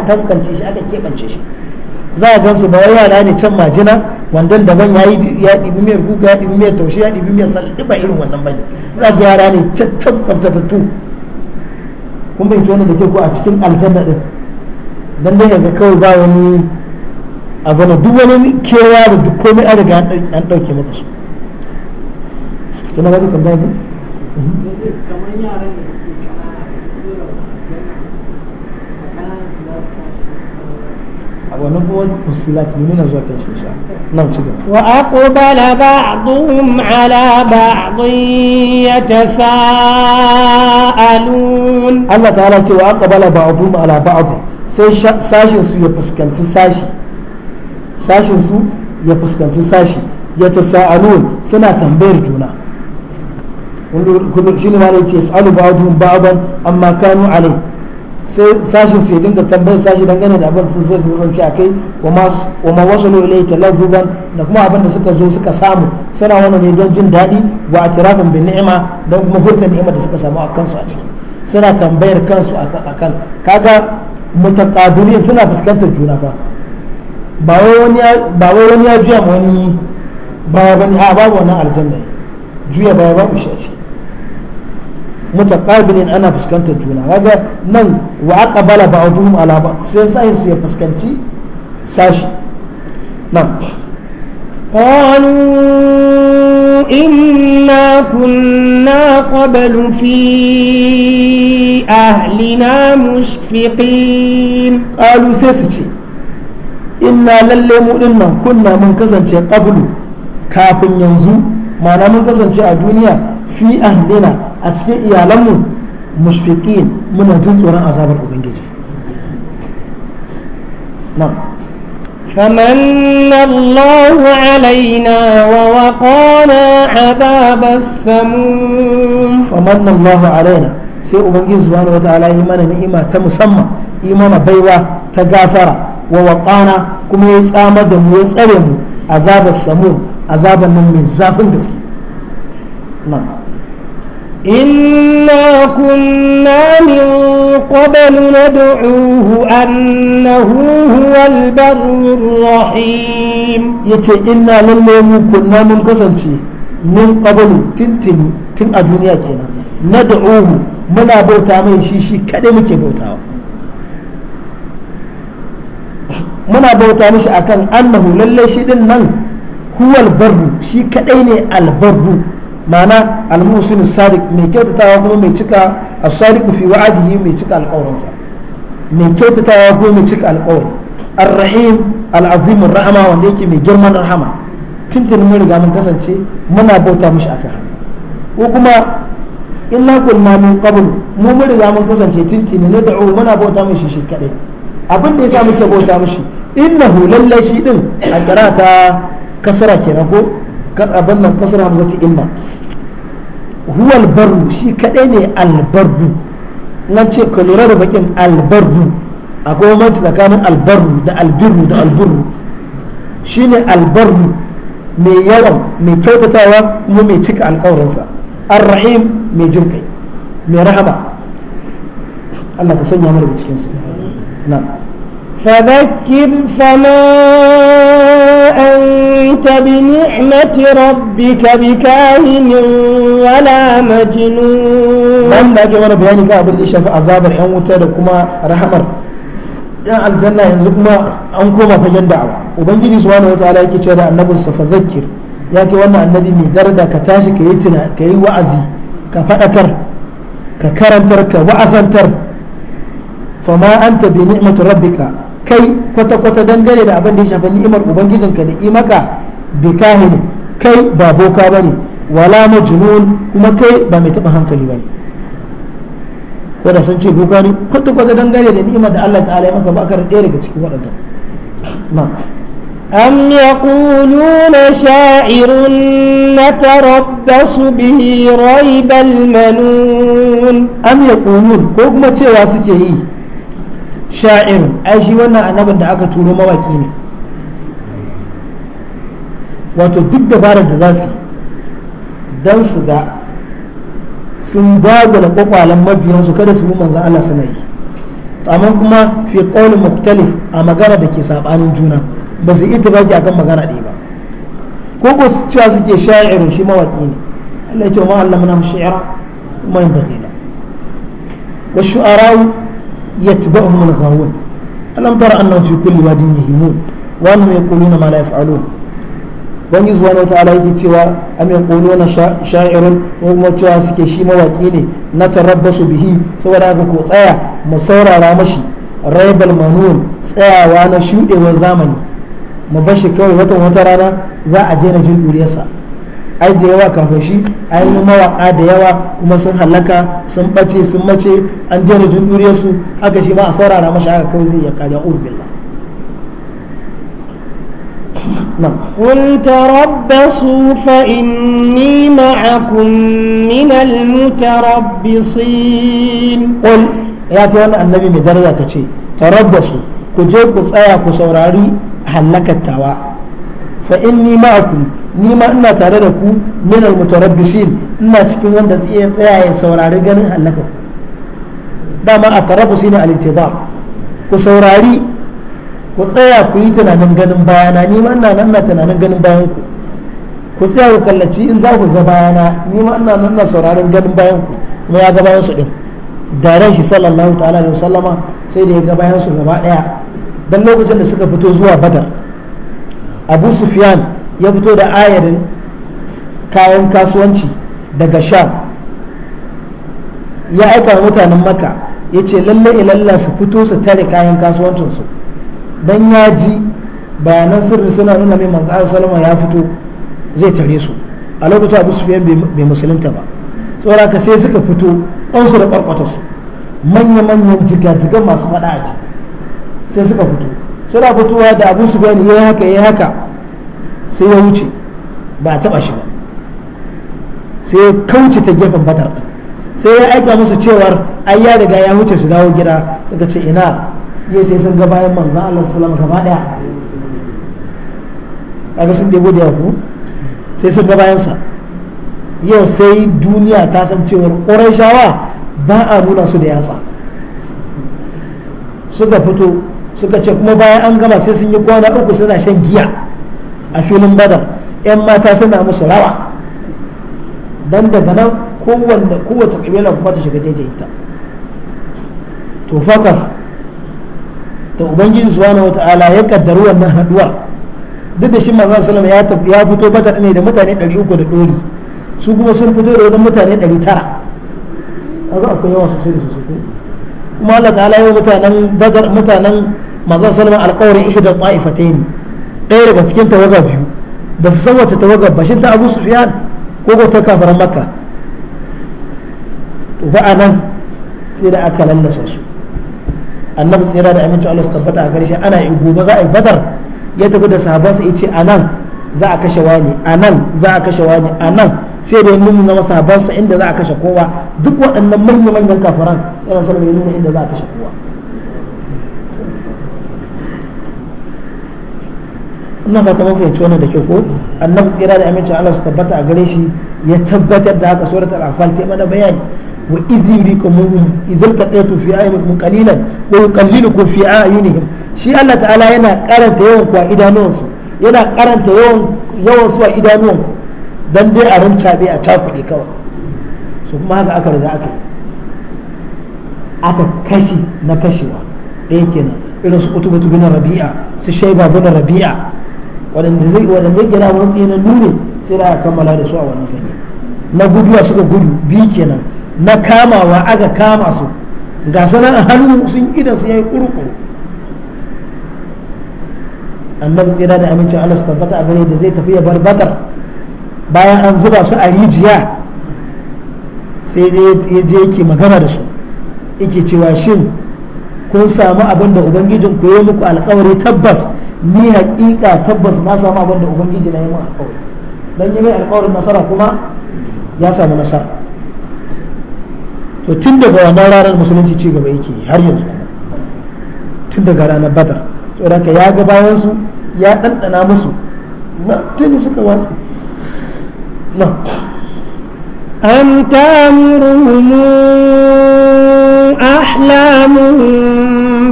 za a gansu ba wai yara ne can majina wandan daban ya ya ɗibi miyar kuka ya ɗibi miyar taushe ya ɗibi miyar sallah ba irin wannan bane za ga yara ne caccan tsaftatattu kun bai tona da ke ko a cikin aljanna din dan dai ga kawai ba wani abu na duk wani kewa da duk komai an riga an dauke maka su kuma ba ka wani kuma fusilat ne muna zuwa kan shisha na ci gaba wa aqbala ba'dhum ala ba'dhin yatasaalun Allah ta'ala ce wa aqbala ba'dhum ala ba'd sai sashin ya fuskanci sashi ya fuskanci sashi yatasaalun suna tambayar juna alai sai sashin su ya dinga tambayar sashi dangane da abin sun suka kusance a kai wa ma wasu lo ilai talazzuban da kuma abin da suka zo suka samu suna wannan ne don jin daɗi wa a atirafin bin ni'ima don kuma hurta ni'ima da suka samu a kansu a ciki suna tambayar kansu a kan kaga mutakabilin suna fuskantar juna fa ba wai wani ya juya ma wani baya bane a babu wannan aljanna juya baya babu shi a ciki mutaqabilin ana fuskantar juna kaga nan wa aqbala ba'dhum ala ba'd sai sai su ya fuskanci sashi nan قالوا إنا كنا قبل في أهلنا مشفقين قالوا سيسجي إنا للمو إنا كنا من كزنجي قبل كافن ينزو ما من كزنجي الدنيا fi ahlina a cikin iyalanmu mushfiqin muna jin tsoron azabar ubangiji nan فمن الله علينا ووقانا عذاب السموم فمن الله علينا sai ubangiji subhanahu wataala yi mana ni'ima ta musamman yi mana baiwa ta gafara wa waƙana kuma ya tsamar da mu ya tsare mu azabar samu azabar nan mai zafin gaske نعم إنا كنا من قبل ندعوه أنه هو البر الرحيم يتي إنا لليم كنا من كسنتي من قبل تنتني تن الدنيا كنا ندعوه muna bauta mai shi shi kaɗai muke bautawa muna bauta mishi akan annahu lallai shi din nan huwal shi kaɗai ne albarru ma'ana al sadiq mai kyautatawa kuma mai cika as-sadiq fi wa'adihi mai cika alƙawarinsa mai kyautatawa kuma mai cika alƙawari ar-rahim al-azim rahama wanda yake mai girman rahama tuntun mun riga mun kasance muna bauta mishi aka haka ko kuma illa kunna min qabl mu mun riga mun kasance tuntun ne da'u muna bauta mishi shi kadai abin da yasa muke bauta mishi innahu lallai shi din a karata kasara kenan ko abin nan kasara hamzatu inna huwal barru shi kadai ne albarru nan ce ka lura da bakin albarru akwai mamanci tsakanin albarru da albirru da alburru shi ne albarru mai yawan mai kyautatawa kuma mai cika alkawarinsa arrahim mai jinkai mai rahama Allah ka sanya mu daga cikinsu na فذكر فلا أنت بنعمة ربك بكاهن ولا مجنون من داكي وانا بياني كابر إشاف عذاب الحيوم وتادكما رحمر يا الجنة ينزلكما أنكما فجن دعوة وبنجي سبحانه وتعالى يكي تشارع النبي فذكر ya ke wannan annabi mai daraja ka tashi ka yi tuna ka yi wa'azi ka faɗakar ka karantar ka wa'azantar fama anta bi ni'matu rabbika kai kwata-kwata dangane da abin da ya shafi ni'imar ubangijinka da imaka bi kahini kai ba boka ba ne wala majnun kuma kai ba mai taɓa hankali ba ne ko da san ce boka ne kwata-kwata dangane da ni'imar da Allah ta'ala ya maka ba ka ɗaya daga cikin waɗanda na'am أم يقولون شاعر نتربص به ريب المنون أم يقولون كوكما suke سكيه sha'in ai shi wannan annabin da aka turo mawaki ne wato duk dabarar da za su don su ga sun dagula kwakwalen mabiyansu kada su bi manzan Allah suna yi amma kuma fi qawlin muktalif a magana da ke sabanin juna ba su a akan magana ɗaya ba ko ko su cewa suke sha'irin shi mawaki ne Allah ya ce ma Allah shi'ira kuma yin bagila wa shu'ara'u يتبعهم الغاوون ألم تر أنهم في كل واد يهيمون وأنهم يقولون ما لا يفعلون wani subhanahu wataala yake cewa am na sha'irun ko kuma cewa suke shi mawaki ne na tarabbasu bihi saboda haka ko tsaya mu saurara mashi raibal manun tsayawa na shudewar zamani mu bashi kawai watan wata rana za a je na jin duriyarsa ai da yawa kafin shi ai yi mawaka da yawa kuma sun halaka sun bace sun mace an jera junduriyar su haka shi ma a saurara masa haka kawai zai iya kariya uzu billah نعم قل تربصوا فإني معكم من المتربصين قل يا كون النبي مدرجة كشي تربصوا ku فأيا كسوراري هلك التواء fa inni ma'akum ni ma ina tare da ku min almutarabbisin ina cikin wanda zai tsaya ya saurari ganin halaka dama a tarabbusi na alitidar ku saurari ku tsaya ku yi tunanin ganin bayana ni ma ina nan tunanin ganin bayan ku ku tsaya ku kallaci in za ku ga bayana ni ma ina nan sauraron ganin bayan ku kuma ya ga bayan su din daren shi sallallahu ta'ala alaihi wasallama sai da ya ga bayan su gaba daya dan lokacin da suka fito zuwa badar abu sufyan ya fito da ayarin kayan kasuwanci daga sham ya aika mutanen maka ya ce lalle ilalla su fito su tare kayan kasuwancinsu don ya ji bayanan sirri suna nuna mai manzo salama ya fito zai tare su a lokacin abu sufyan bai musulunta ba tsora ka sai suka fito ɗansu da su manya-manyan jiga-jiga masu faɗa a sai suka fito suna fitowa da abu su gani yi haka ya haka sai ya wuce ba a taba shi ba sai ya kauce ta gefen batar ɗin sai ya aika musu cewar ai ya riga ya wuce su dawo gida suka ce ina yau sai sun ga bayan manzan Allah su salama gaba ɗaya kaga sun debo da yaku sai sun ga bayansa yau sai duniya ta san cewar ƙorai shawa ba a nuna su da yatsa suka fito suka ce kuma bayan an gama sai sun yi kwana uku suna shan giya a filin badar yan mata suna musu rawa dan daga nan kowanne kowace kabila kuma ta shiga daidai ta to fakar ta ubangiji wata wata'ala ya kaddaru wannan haduwa duk da shi manzon sallam ya ya fito badar ne da mutane 300 da dori su kuma sun fito da wani mutane 900 kaga akwai yawa sosai da sosai kuma Allah ta'ala ya mutanen badar mutanen manzon sallama alƙawarin ihda ta'ifatayn ɗaya daga cikin tawaga biyu ba su san wacce tawaga ba ta Abu Sufyan ko ko ta kafaran Makka to ba anan sai da aka lallasa su annabi tsira da aminci Allah su tabbata a ƙarshe ana yi gobe za a yi badar ya tafi da sahabansa ya ce a nan za a kashe wani a nan za a kashe wani a nan sai da nuna masa sahabansa inda za a kashe kowa duk waɗannan manya-manyan kafaran yana sanar ya nuna inda za a kashe kowa ina fata mun fahimci wannan da ke ko annabi tsira da amincin Allah su tabbata a gare shi ya tabbatar da haka surat al ta ta mana bayani wa a yurikumuhum idh iltaqaytu fi ayunikum qalilan wa yuqallilukum fi ayunihim shi Allah ta'ala yana karanta yawan ku a idanuwansu yana karanta yawan yawan su a idanuwanku dan dai a rincabe a cakuɗe kawai su kuma haka aka riga aka aka kashi na kashewa ɗaya kenan irin su kutubu bin rabi'a su shaiba bin rabi'a wadanda zai waɗanda yake wani na nuni sai da aka kammala da su a wannan fage na guduwa suka gudu biyu kenan na kamawa aka kama su ga sanan hannu sun idan su yayi kurku. annabi tsira da amincin Allah su tabbata a gare da zai tafi ya bar badar bayan an zuba su a rijiya sai ya je yake magana da su yake cewa shin kun samu abin da ubangijin ku yi muku alkawari tabbas ni hakika tabbas na samu abin da ubangiji na yi min alƙawari dan yi mai alƙawarin nasara kuma ya samu nasara to tun daga wannan ranar musulunci ci gaba yake har yanzu kuma tun daga ranar badar saboda ka ya ga bayan su ya ɗanɗana musu tun suka watsi na أم تأمرهم ahlamun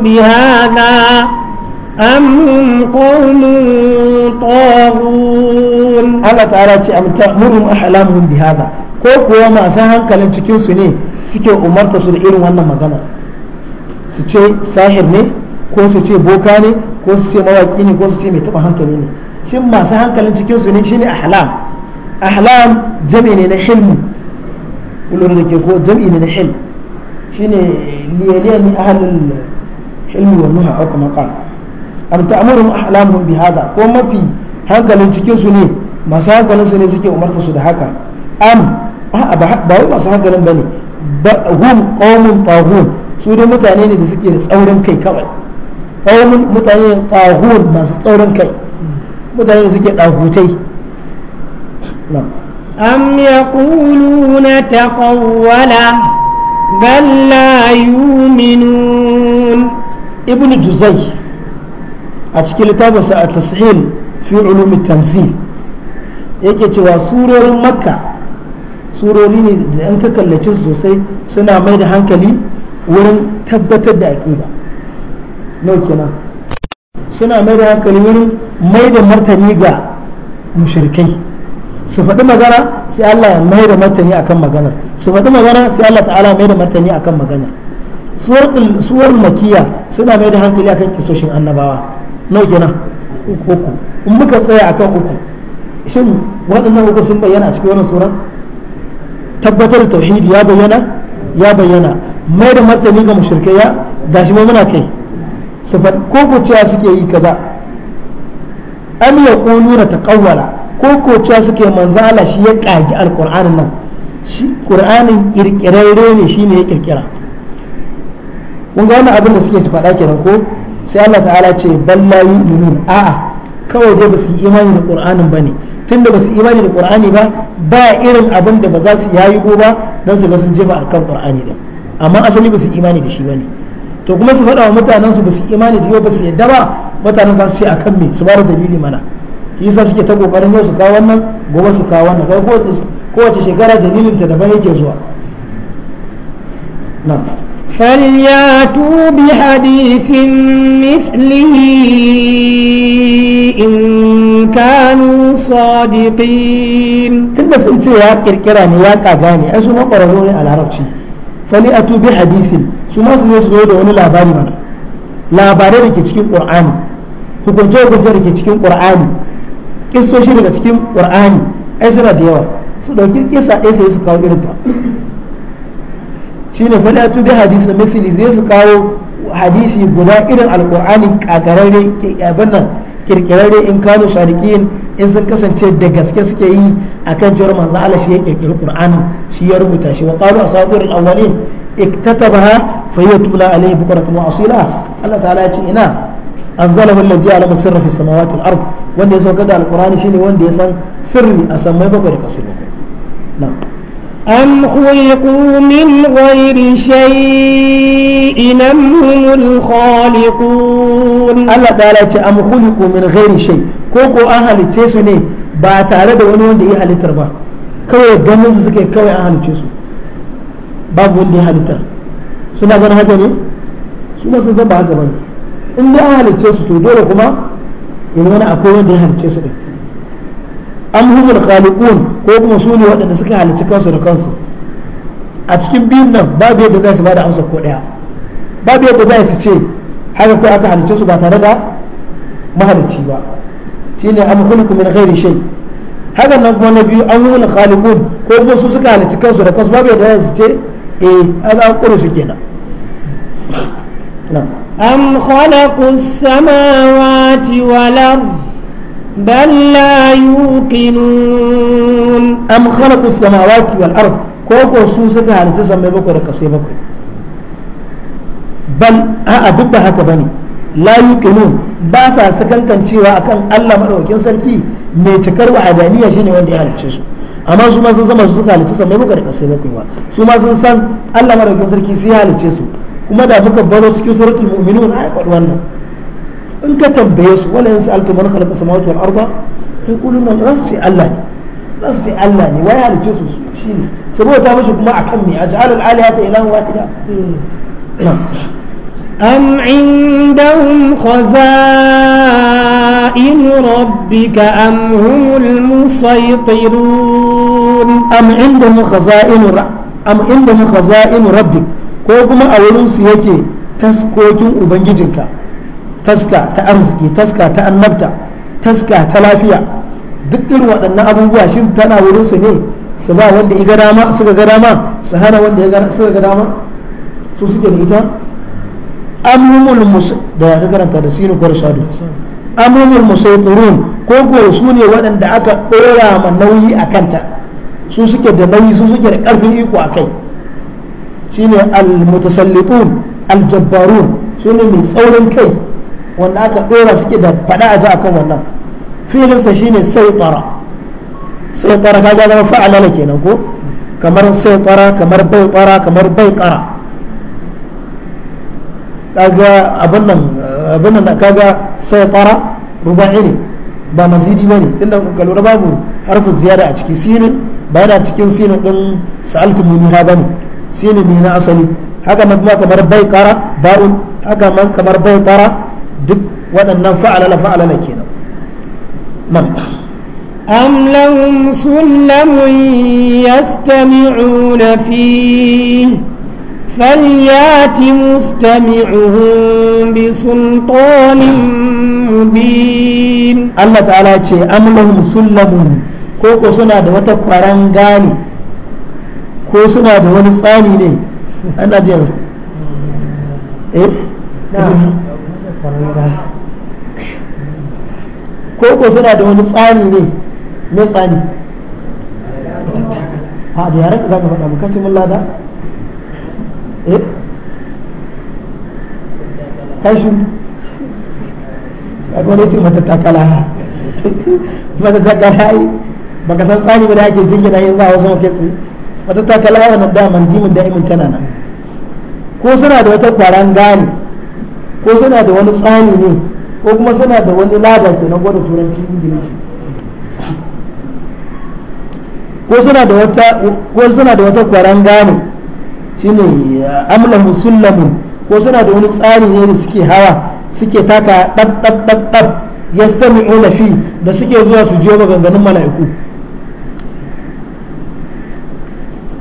bihada أم هم قوم طاغون الله تعالى أم تأمرهم أحلامهم بهذا ko kuwa masu hankalin cikinsu ne suke umarta su da irin wannan magana su ce ne ko su ce boka ne ko su ce mawaƙi ne ko su ce mai taɓa hankali ne shin masu cikinsu ne shine ahlam ahlam jam'i ne na hilmu ulur da ke ko ne wa am ta'muruhum ahlamuhum bihadha ko mafi hankalin cikin su ne masu hankalin su ne suke umarta su da haka am ba wai masu hankalin bane hum qaumun tahun su dai mutane ne da suke da tsaurin kai kawai qaumun mutane tahun masu tsaurin kai mutane da suke dahutai am yaquluna taqawwala bal la yu'minun ibnu juzai a cikin littafinsa a tasirin fi ulumin tansi yake cewa surorin makka surori ne da an ka kallace sosai suna mai da hankali wurin tabbatar da aƙida nau kenan suna mai da hankali wurin mai da martani ga mushrikai su faɗi magana sai Allah ya mai da martani akan maganar su faɗi magana sai Allah ta'ala mai da martani akan maganar suwar makiya suna mai da hankali akan kisoshin annabawa nau kenan uku in muka tsaya akan uku shin waɗannan uku sun bayyana a cikin wannan surar tabbatar tauhidi ya bayyana ya bayyana mai da martani ga mushrikai ya gashi mai muna kai sifat ko ko cewa suke yi kaza am yaquluna taqawwala ko ko cewa suke manzala shi ya kagi alqur'anin nan shi qur'anin kirkirarre ne shine ya kirkira kun ga wannan abin da suke faɗa kenan ko sai Allah ta'ala ce balla yu'minun a'a kawai dai ba su yi imani da qur'anin bane tunda ba su imani da qur'ani ba ba irin abin da ba za su yayi go ba dan su ga sun jefa akan qur'ani din amma asali ba su imani da shi bane to kuma su faɗa wa mutanen su ba su imani da yau ba su yadda ba mutanen za su ce akan me su bada dalili mana yasa suke ta kokarin yau su kawo wannan gobe su kawo wannan kai kowace shekara dalilin ta daban yake zuwa na'am فلياتوا بحديث مثله إن كانوا صادقين تبدا سنتي يا كركراني يا كاغاني اسو ما قرروني على العربي فلياتوا بحديث سما سنسو ده وني لاباري ما labarai da ke cikin ƙur'ani hukunce hukunce da ke cikin ƙur'ani kisoshi daga cikin ƙur'ani ai suna da yawa su ɗauki kisa sai su kawo shine fa la tubi hadisi misli zai su kawo hadisi guda irin alqur'ani kakararre abin nan kirkirarre in kanu sadiqin in sun kasance da gaske suke yi akan jawar manzo Allah shi ya kirkiri qur'ani shi ya rubuta shi wa qalu asatirul awwalin iktatabaha fa hiya tubla alayhi bukratan wa asila Allah ta'ala ya ce ina anzalahu alladhi alama sirra fi samawati wal ard wanda ya saukar da alqur'ani shine wanda ya san sirri a samai bakwai da kasai bakwai na'am أم خلقوا من غير شيء أم هم الخالقون الله تعالى أم خلقوا من غير شيء كوكو أهل تيسوني ba tare da wani wanda ya halittar ba kawai ganin su suke kawai an halicce su babu wanda ya halittar suna ganin haka ne su ma sun san ba haka ba in dai an halicce su to dole a yanzu wani akwai wanda ya halicce am humul khaliqun ko kuma su ne waɗanda suka halicci kansu da kansu a cikin biyun nan babu yadda za su da amsa ko ɗaya babu yadda za su ce haka ko aka halicce su ba tare da mahalicci ba shi ne an am kuma na ghairi shay haka nan kuma na biyu an humul khaliqun ko kuma su suka halicci kansu da kansu babu yadda za su ce eh haka an kuru su kenan na'am am khalaqu as-samawati wal بل لا يوقنون أم خلقوا السماوات والأرض كوكو سوسة على تسمى بكو ركسي بكو بل أبب هكبني لا يوقنون باسا سكن كان شيوا أكن الله مرة وكين سركي ميتكر وعدانية شيني وندي على تشيسو amma su ma sun zama su suka halicci sammai muka da kasai bakwai ba su ma sun san Allah madaukakin sarki sai ya halicce su kuma da muka baro cikin muminu mu'minun ai faɗi wannan in ka tambaye su wala yansu alta man khalaqa samawati wal arda yaquluna za Allah ne Allah ne wai halice su saboda ta mishi kuma akan me aj'al al alihata ilahan wahida أم عندهم خزائن ربك أم هم المسيطرون أم عندهم خزائن أم عندهم خزائن ربك ko kuma a wurin su yake taskokin ubangijinka taska ta arziki taska ta annabta taska ta lafiya duk irin waɗannan abubuwa shi tana wurin su ne su ba wanda ya dama suka ga dama su hana wanda ya suka ga dama su suke da ita amrumul mus da ya karanta da sinu kwar sadu amrumul musaitirun ko ko su ne waɗanda aka ɗora ma nauyi a kanta su suke da nauyi su suke da ƙarfin iko a kai shi ne al-mutasallitun al-jabbarun ne mai tsaurin kai wanda aka dora suke da faɗa a ji akan wannan filinsa shine sai tsara sai tsara kaga zama fa'alala kenan ko kamar sai tsara kamar bai tsara kamar bai ƙara kaga abin nan abin nan kaga sai tsara ruba'i ne ba mazidi ba ne tunda ka lura babu harfin ziyara a ciki sinin ba yana cikin sinin din sa'altu muniha ba ne sinin ne na asali haka nan kamar bai ƙara ba'un haka man kamar bai tsara duk waɗannan fa’alala fa’alala ke nan nan am lahum sullamun yastami'una fi falyati mustami'uhum bi sultanin mubin Allah ta'ala ce am lahum sullamun ko ko suna da wata kwaran gani ko suna da wani tsari ne ana jiyar eh ko ko suna da wani tsani ne me tsani a da yaran za ka faɗa bukacin mun lada eh kashi a gwada ce mata takala mata takala yi ba ka san tsani ba da ake jingina yin za a wasu mafi tsaye mata takala wannan daman dimin da imin tana nan ko suna da wata kwaran gani ko suna da wani tsani ne ko kuma suna da wani lada ke na gwada turanci ingilishi ko suna da wata ko suna da wata kwaranga ne shine uh, amlahu ko suna da wani tsari ne da suke hawa suke taka dab dab dab dab yastami'una fi da suke zuwa su jiyo maganganun mala'iku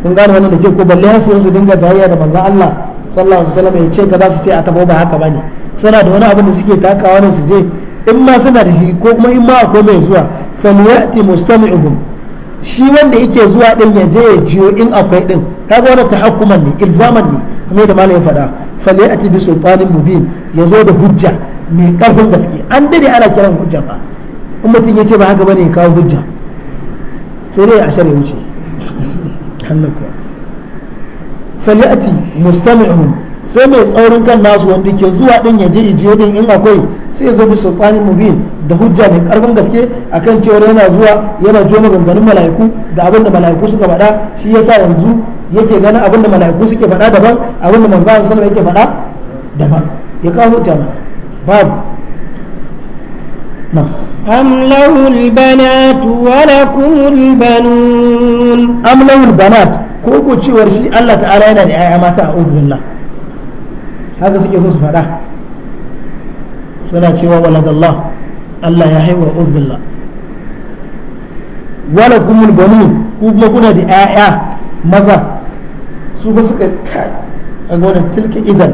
kun gane wannan da ke ko balle har su dinga jayayya da manzon Allah sallallahu alaihi wasallam ya ce ka za su ce a tabo ba haka bane suna da wani abin da suke takawa ne su je in ma suna da shi ko kuma in ma akwai mai zuwa falyati mustami'uhum shi wanda yake zuwa din ya je ya jiyo in akwai din kaga wannan tahakkuman ne ilzaman ne kuma da malam ya faɗa falyati bi sultanin mubin ya zo da hujja mai karfin gaske an dade ana kiran hujja ba in mutum ya ce ba haka bane ya kawo hujja sai dai a shari'a wuce kuwa falyati mustami'un sai mai tsaurin kan nasu wanda ke zuwa din ya je ijiyo din in akwai sai ya zo bi sultani mubin da hujja mai karfin gaske akan cewa yana zuwa yana jo maganganun mala'iku da abin da mala'iku suka faɗa shi yasa yanzu yake ganin abin da mala'iku suke faɗa daban abin da manzo sallallahu alaihi yake faɗa daban ya kawo jama'a babu أم له البنات ولكم البنون أم له البنات كوكو تشي ورشي الله تعالى ينا لآية ماتا أعوذ بالله هذا سيكي سوس فدا سنة شوى ولد الله الله يحيي وأعوذ بالله ولكم البنون كوكو كنا دي آية مزا سو بس كاي أقول تلك إذن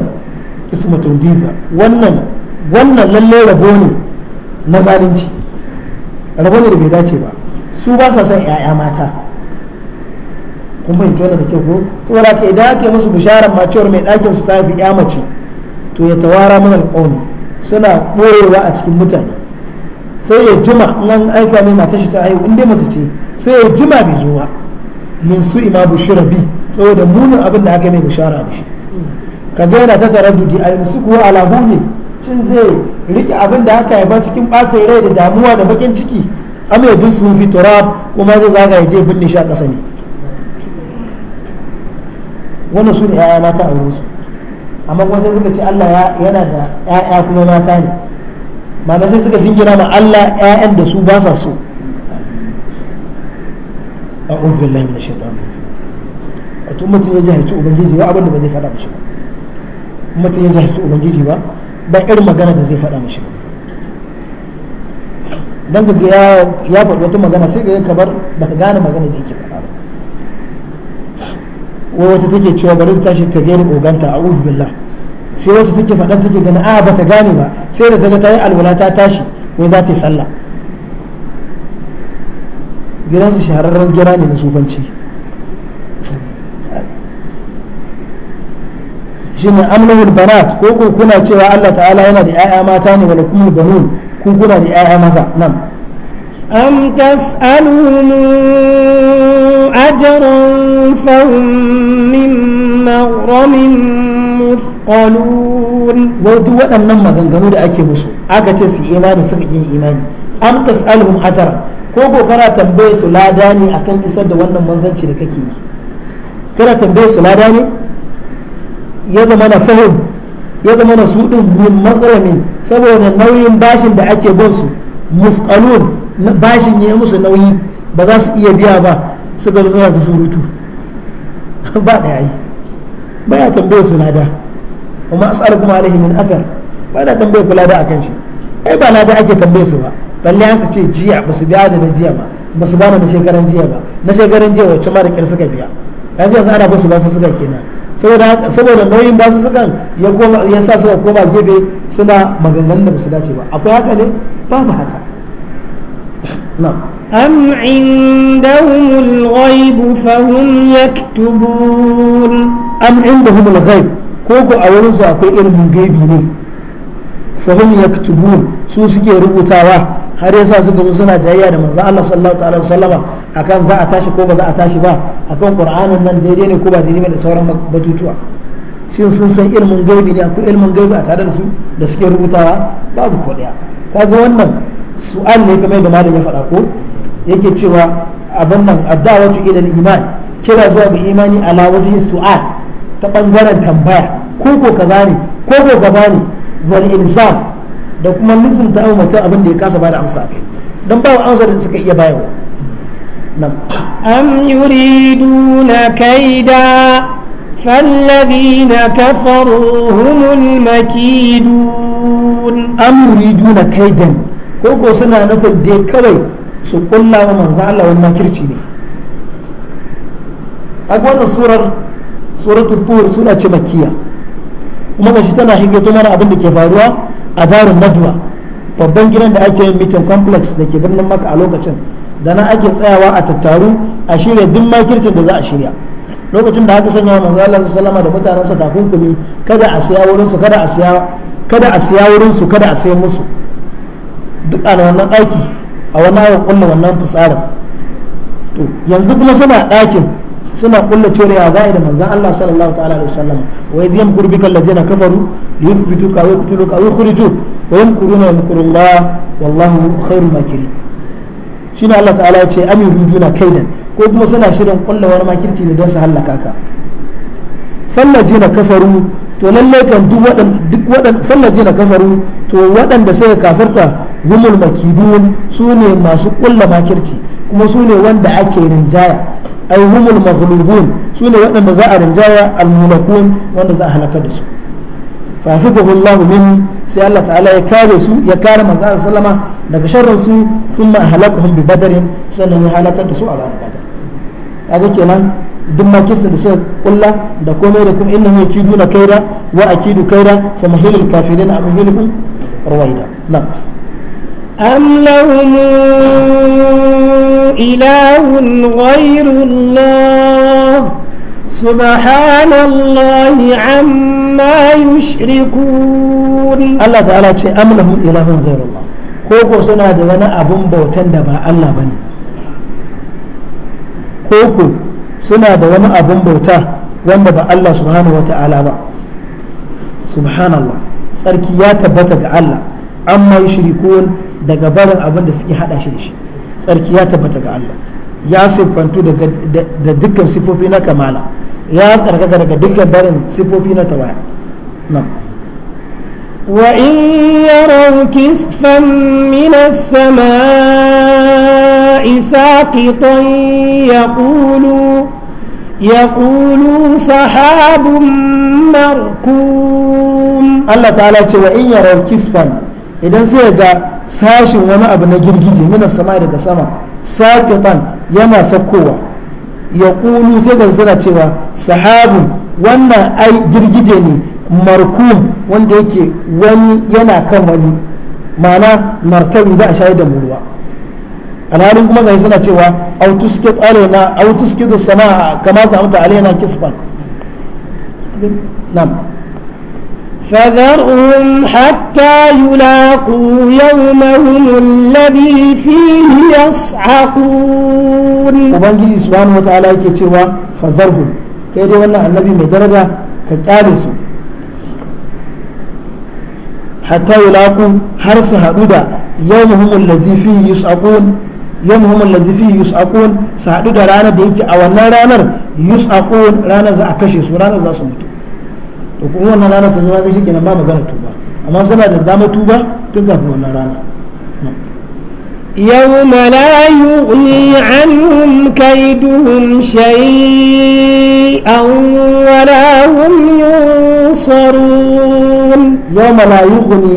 اسم تنديزة ونن ونن للي ربوني na zalunci rabon da bai dace ba su ba sa son 'ya'ya mata kuma fahimci wannan da kyau ko saboda ka idan ake musu bisharar maciwar mai ɗakin su tafi ya mace to ya tawara mana alƙawni suna ɓoyewa a cikin mutane sai ya jima nan aika mai mata shi ta haihu in dai mace ce sai ya jima bai zo ba min su ima bi saboda munin abin da aka mai bishara da shi ka ga yana ta taraddudi a yanzu ko ne cin zai rike abin da haka ya ba cikin ɓacin rai da damuwa da bakin ciki amma ya bisu mun fitura kuma zai zaga ya je binne shi a ƙasa ne wannan su ne 'ya'ya mata a wurinsu amma kuma sai suka ci Allah yana da 'ya'ya kuma mata ne ma'ana sai suka jingina ma Allah 'ya'yan da su ba sa so a uzbin lahi na shaitan a tun mutum ya jahilci ubangiji ba abin da ba zai faɗa ba shi mutum ya jahilci ubangiji ba ba irin magana da zai faɗa mishi ba don ka ya faɗi wata magana sai ga kamar ka gane magana da yake faɗa ba wai wata take cewa bari ta tashi ta gani oganta a billah sai wata take faɗan take gani a ba ta gane ba sai da daga ta yi alwala ta tashi wai za ta yi sallah gidansu shahararren gira ne na sufanci shine amlahul banat ko kun kuna cewa Allah ta'ala yana da ƴaƴa mata ne wala kuma banun kun kuna da ƴaƴa maza nan am tas'aluhum ajran fahum min maghramin مثقلون duk waɗannan maganganu da ake musu aka ce su imani suka yin imani am tas'aluhum ajran ko ko kana tambaye su lada ne akan isar da wannan manzanci da kake yi kana tambaye su lada ne ya zama na fahim ya zama na su din min saboda nauyin bashin da ake bin su mufkalun bashin ya musu nauyi ba za su iya biya ba su ga zuwa ta surutu ba da yayi ba ya tambaye su lada kuma ma kuma alaihi min atar ba da tambaye ku lada akan shi ai ba lada ake tambaye su ba balle an su ce jiya ba su biya da na jiya ba ba su bana na shekaran jiya ba na shekaran jiya wacce mara kyar suka biya yanzu yanzu ana ba su ba su suka kenan saboda nauyin ba su sukan ya sa suka koma gefe suna maganganun da ba su dace ba akwai haka ne ba mu haka أم عندهم الغيب فهم يكتبون أم عندهم الغيب كوكو أولوز أكو إلم غيبي فهم يكتبون سوسكي rubutawa. har yasa suka zo suna jayayya da manzo Allah sallallahu alaihi wasallama akan za a tashi ko ba za a tashi ba akan Qur'anin nan daidai ne ko ba daidai ne da sauran batutuwa shin sun san ilmin gaibi ne akwai ilmin gaibi a tare da su da suke rubutawa babu ko daya kaga wannan su'al ne kamar da malam ya faɗa ko yake cewa abin nan addawatu ila iman kira zuwa ga imani ala wajhi su'al ta bangaren tambaya ko ko kaza ne ko ko kaza ne wal da kuma ta abu mutum abin da ya kasa bada amsa kai don ba amsa da suka iya bayarwa nan am yuriduna kaida fallazina kafaru humul makidun am yuriduna kaidan ko ko suna nufin dai kawai su kulla wa manzo Allah wani makirci ne a wannan surar suratul tur suna ce makiya kuma gashi tana hingato mana abin da ke faruwa a darun najwa babban gidan da ake yin meeting complex da ke birnin maka a lokacin da na ake tsayawa a tattaru a shirya duk makircin da za a shirya lokacin da aka sanya manzo Allah salama da mutanen takunkumi kada a siya wurin su kada a siya kada a siya wurin su kada a siya musu duk a wannan daki a wannan ayyukan wannan fitsarin yanzu kuma suna ɗakin. suna kulla cewa ya za'i da manzan Allah sallallahu ta'ala alaihi wasallam wa idh yamkuru bika alladhina kafaru liyuthbituka wa yaqtuluka wa yukhrijuk wa yamkuruna yamkurullah wallahu makiri shi shine Allah ta'ala ya ce am yuriduna kaidan ko kuma suna shirin kulla wani makirci ne don su hallaka ka fallajina kafaru to lalle kan duk waɗan duk waɗan kafaru to waɗanda sai kafarta humul makidun su ne masu kulla makirci kuma su ne wanda ake rinjaya ai humul maghlubun su ne waɗanda za a rinjaya almulakun wanda za a halakar da su fa hafizahu Allah min sai Allah ta'ala ya kare su ya kare manzo sallama daga sharrin su thumma ahlakahum bi badarin sannan ya halakar da su a ranar badar kaga kenan duk makista da suka kulla da komai da kuma innahu yakiduna kaira wa akidu kaira fa mahilul kafirin amhilhum rawaida na'am أم لهم إله غير الله سبحان الله عما يشركون الله تعالى أم لهم إله غير الله koko suna da wani abun bautan da ba Allah ba ne suna da wani abun bauta wanda ba Allah subhanahu wa ta'ala subhanallah sarki ya tabbatar ga Allah amma yushrikun daga barin abin da suke hada shi da shi tsarki ya tabbata ga Allah ya siffantu da dukkan sifofi na kamala ya tsarkaka daga dukkan barin sifofi na tawaya nan min يروا كسفا من السماء ساقطا يقولوا يقولوا allah ta'ala ce تعالى in يروا kisfan. idan sai ga sashin wani abu na girgije mina sama daga sama saƙitan yana saukowa ya ƙulu sai ga suna cewa sahabin wannan ai girgije ne markum wanda yake wani yana kan wani mana markabi ba a shayar da ruwa alhalin kuma ga suna cewa autuskit alaina autuskit sama kama samuta alaina kisfan nam فذرهم حتى يلاقوا يومهم الذي فيه يصعقون وبنجي سبحانه وتعالى يكتوى فذرهم كيدي وانا النبي من درجة كالتالس حتى يلاقوا حرس هدودا يومهم الذي فيه يصعقون يومهم الذي فيه يصعقون سهدودا رانا ديكي او رانا يصعقون رانا زا اكشي سورانا زا سمتو to kuma wannan rana ta zo shi kenan ba magana tuba amma suna da dama tuba tun kafin wannan rana يوم لا يغني عنهم كيدهم شيئا ولا هم ينصرون يوم لا يغني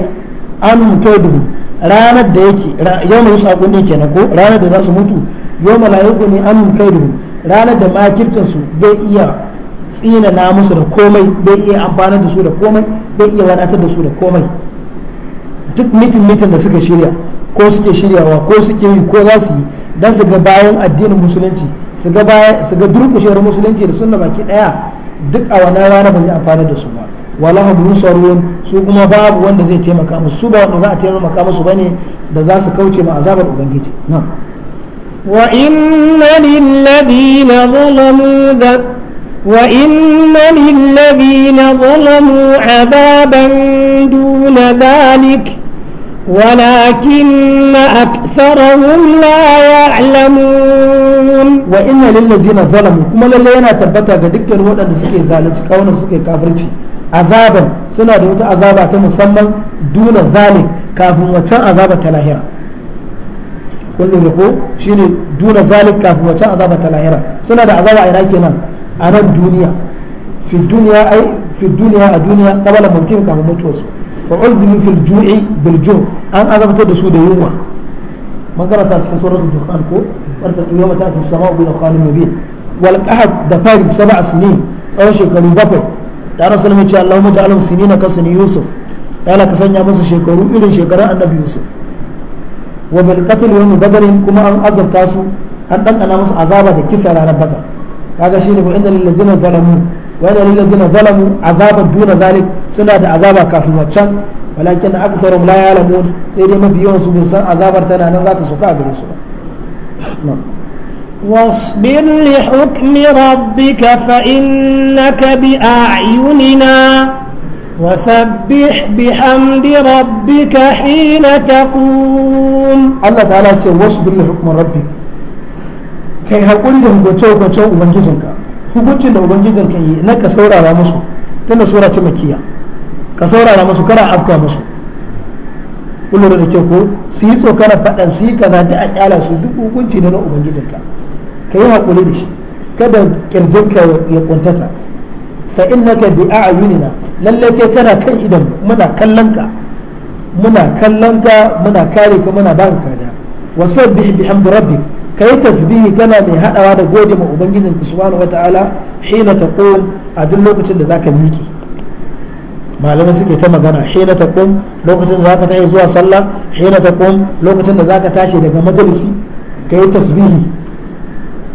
عنهم كيدهم ranar da yake yau mai saƙon ne kenan ko ranar da za su mutu yau malayiku ne an kai duhun ranar da makircinsu bai iya tsina na musu da komai bai iya amfanar da su da komai bai iya wadatar da su da komai duk mitin mitin da suka shirya ko suke shiryawa ko suke yi ko za su yi don su ga bayan addinin musulunci su ga bayan musulunci da sunna baki daya duk a wannan rana ba zai amfana da su ba wala hum sarun su kuma babu wanda zai taimaka musu su ba wanda za a taimaka musu ne da za su kauce ma azabar ubangiji wain wa inna lil ladina zalamu وإن للذين ظلموا عذابا دون ذلك ولكن أكثرهم لا يعلمون وإن للذين ظلموا كما للينا تبتا قدك الوضع لسكي ذلك كون سكي كافرشي عذابا سنة دوت عذابا تمسمى دون ذلك كافر وتن عذابا تلاهرة kun lura ko shine duna zalik kafin wacce azaba ta lahira suna da azaba a ina kenan a nan duniya fi duniya ai fi duniya a duniya qabala mautim kafin mutuwarsu fa uzibu fil ju'i bil ju' an azabtar da su da yunwa makarata cikin suratul dukhan ko barka yawma ta'ti as-sama'u bi khali mubin wal qahab da fari sab'a sinin tsawon shekaru bakwai ya rasul mu ce Allahumma ta'alam sinina ka sani yusuf yala ka sanya musu shekaru irin shekarun annabi yusuf wa bil qatl wa badr kuma an azabta su an dandana musu azaba da kisa ranar badar kaga shine wa inna lil zalamu wa inna lil zalamu azaban duna zalik suna da azaba kafin waccan walakin aktharum la ya'lamun sai dai mafi yawan su bin san azabar tana nan za ta sauka gare su ba واصبر لحكم ربك فإنك بأعيننا وسبح بحمد ربك حين تقوم الله تعالى يقول واصبر لحكم ربك kai haƙuri da hukunce ubangijinka hukuncin da ubangijinka yi na ka saurara musu tunda sura ce makiya ka saurara musu kana afka musu kullum da ke ko su yi tsokana faɗan su yi kaza da a ƙyala su duk hukunci ne na ubangijinka ka yi haƙuri da shi kada ƙirjinka ya ƙuntata fa innaka bi a'yunina lallai kai kana kan idan muna kallon ka muna kallon ka muna kare ka muna baka kariya wasabbi bihamdi rabbi. kai tasbihi kana mai hadawa da gode ma ubangijin ka subhanahu wataala hina taqum a duk lokacin da zaka miƙe malamai suke ta magana hina taqum lokacin da zaka tashi zuwa sallah hina taqum lokacin da zaka tashi daga majalisi kai tasbihi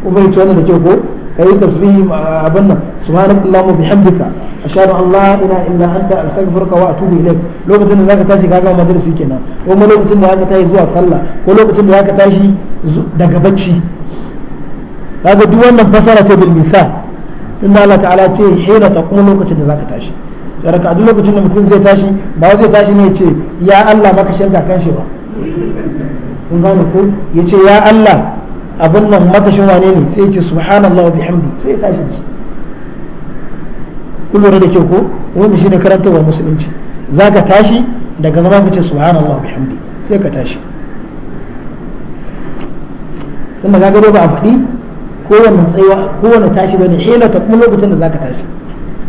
kuma ita wannan da ke ko kai tasbihi abin nan wa bihamdika ashhadu an la ilaha illa anta astaghfiruka wa atubu ilaik lokacin da zaka tashi kaga madrasi kenan ko ma lokacin da zaka tashi zuwa sallah ko lokacin da zaka tashi daga bacci kaga duk wannan fasara ce bil misal tunda Allah ta'ala ce hina kuma lokacin da zaka tashi sai ka duk lokacin da mutum zai tashi ba zai tashi ne ya ce ya Allah maka shirka kan ba kun gane ko ya ce ya Allah abin nan matashin wane ne sai ya ce subhanallah wa bihamdi sai ya tashi da shi kun da ke ko wannan shine karantarwa musulunci zaka tashi daga zama ka ce subhanallah bihamdi sai ka tashi kuma ka gado ba a faɗi kowane tsayuwa kowane tashi bane hila ta kuma lokacin da zaka tashi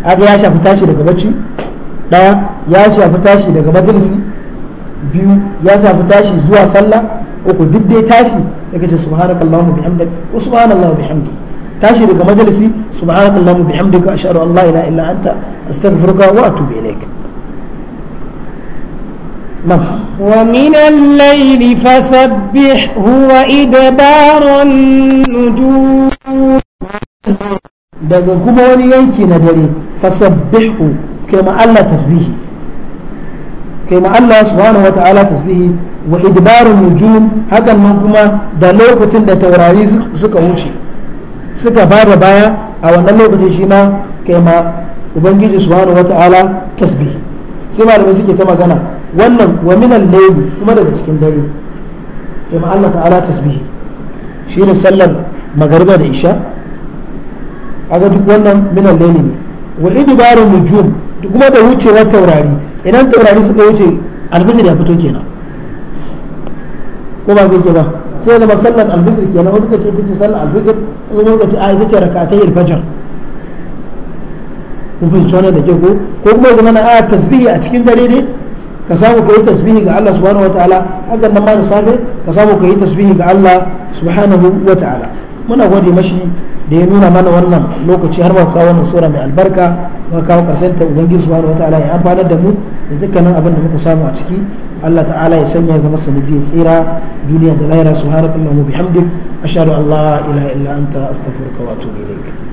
aga ya shafi tashi daga bacci daya ya shafi tashi daga majalisi biyu ya shafi tashi zuwa sallah uku duk dai tashi sai ka ce subhanakallahumma bihamdika wa subhanallah bihamdika tashi daga majalisi subhanakallahumma bihamdika ashhadu an la ilaha illa anta astaghfiruka wa atubu ilaik ومن الليل فسبحه وإدبار النجوم daga kuma wani yanki na dare fasabbihu kai Allah tasbihi kai ma Allah subhanahu wata'ala tasbihi wa idbarun nujum hakan nan kuma da lokacin da taurari suka wuce suka ba da baya a wannan lokacin shi ma kai ma ubangiji subhanahu wata'ala tasbi sai malamai suke ta magana wannan wa minan layli kuma daga cikin dare kai ma Allah ta'ala tasbih shi ne sallar magariba da isha aga duk wannan minan layli ne wa idbarun nujum kuma da wucewar taurari idan taurari suka wuce alfajir ya fito kenan ko ba ke ba sai zama sallar alfijir ke nan wasu ka ce ta ce sallar alfijir in wasu kace a ita ce rakatayil fajr kun fahimci wannan da ke ko ko kuma zama na a tasbihi a cikin dare ne ka samu ka yi tasbihi ga Allah subhanahu wataala hakan nan ma da safe ka samu ka yi tasbihi ga Allah subhanahu wataala muna gode mashi da ya nuna mana wannan lokaci har ma kawo wannan sura mai albarka ma kawo karshen ta ubangiji subhanahu wataala ya amfanar da mu da dukkanin abin da muka samu a ciki Allah ta'ala ya sanya zama sanadi tsira duniya da lahira subhanakallahumma bihamdik ashhadu an la ilaha illa anta astaghfiruka wa atubu ilaik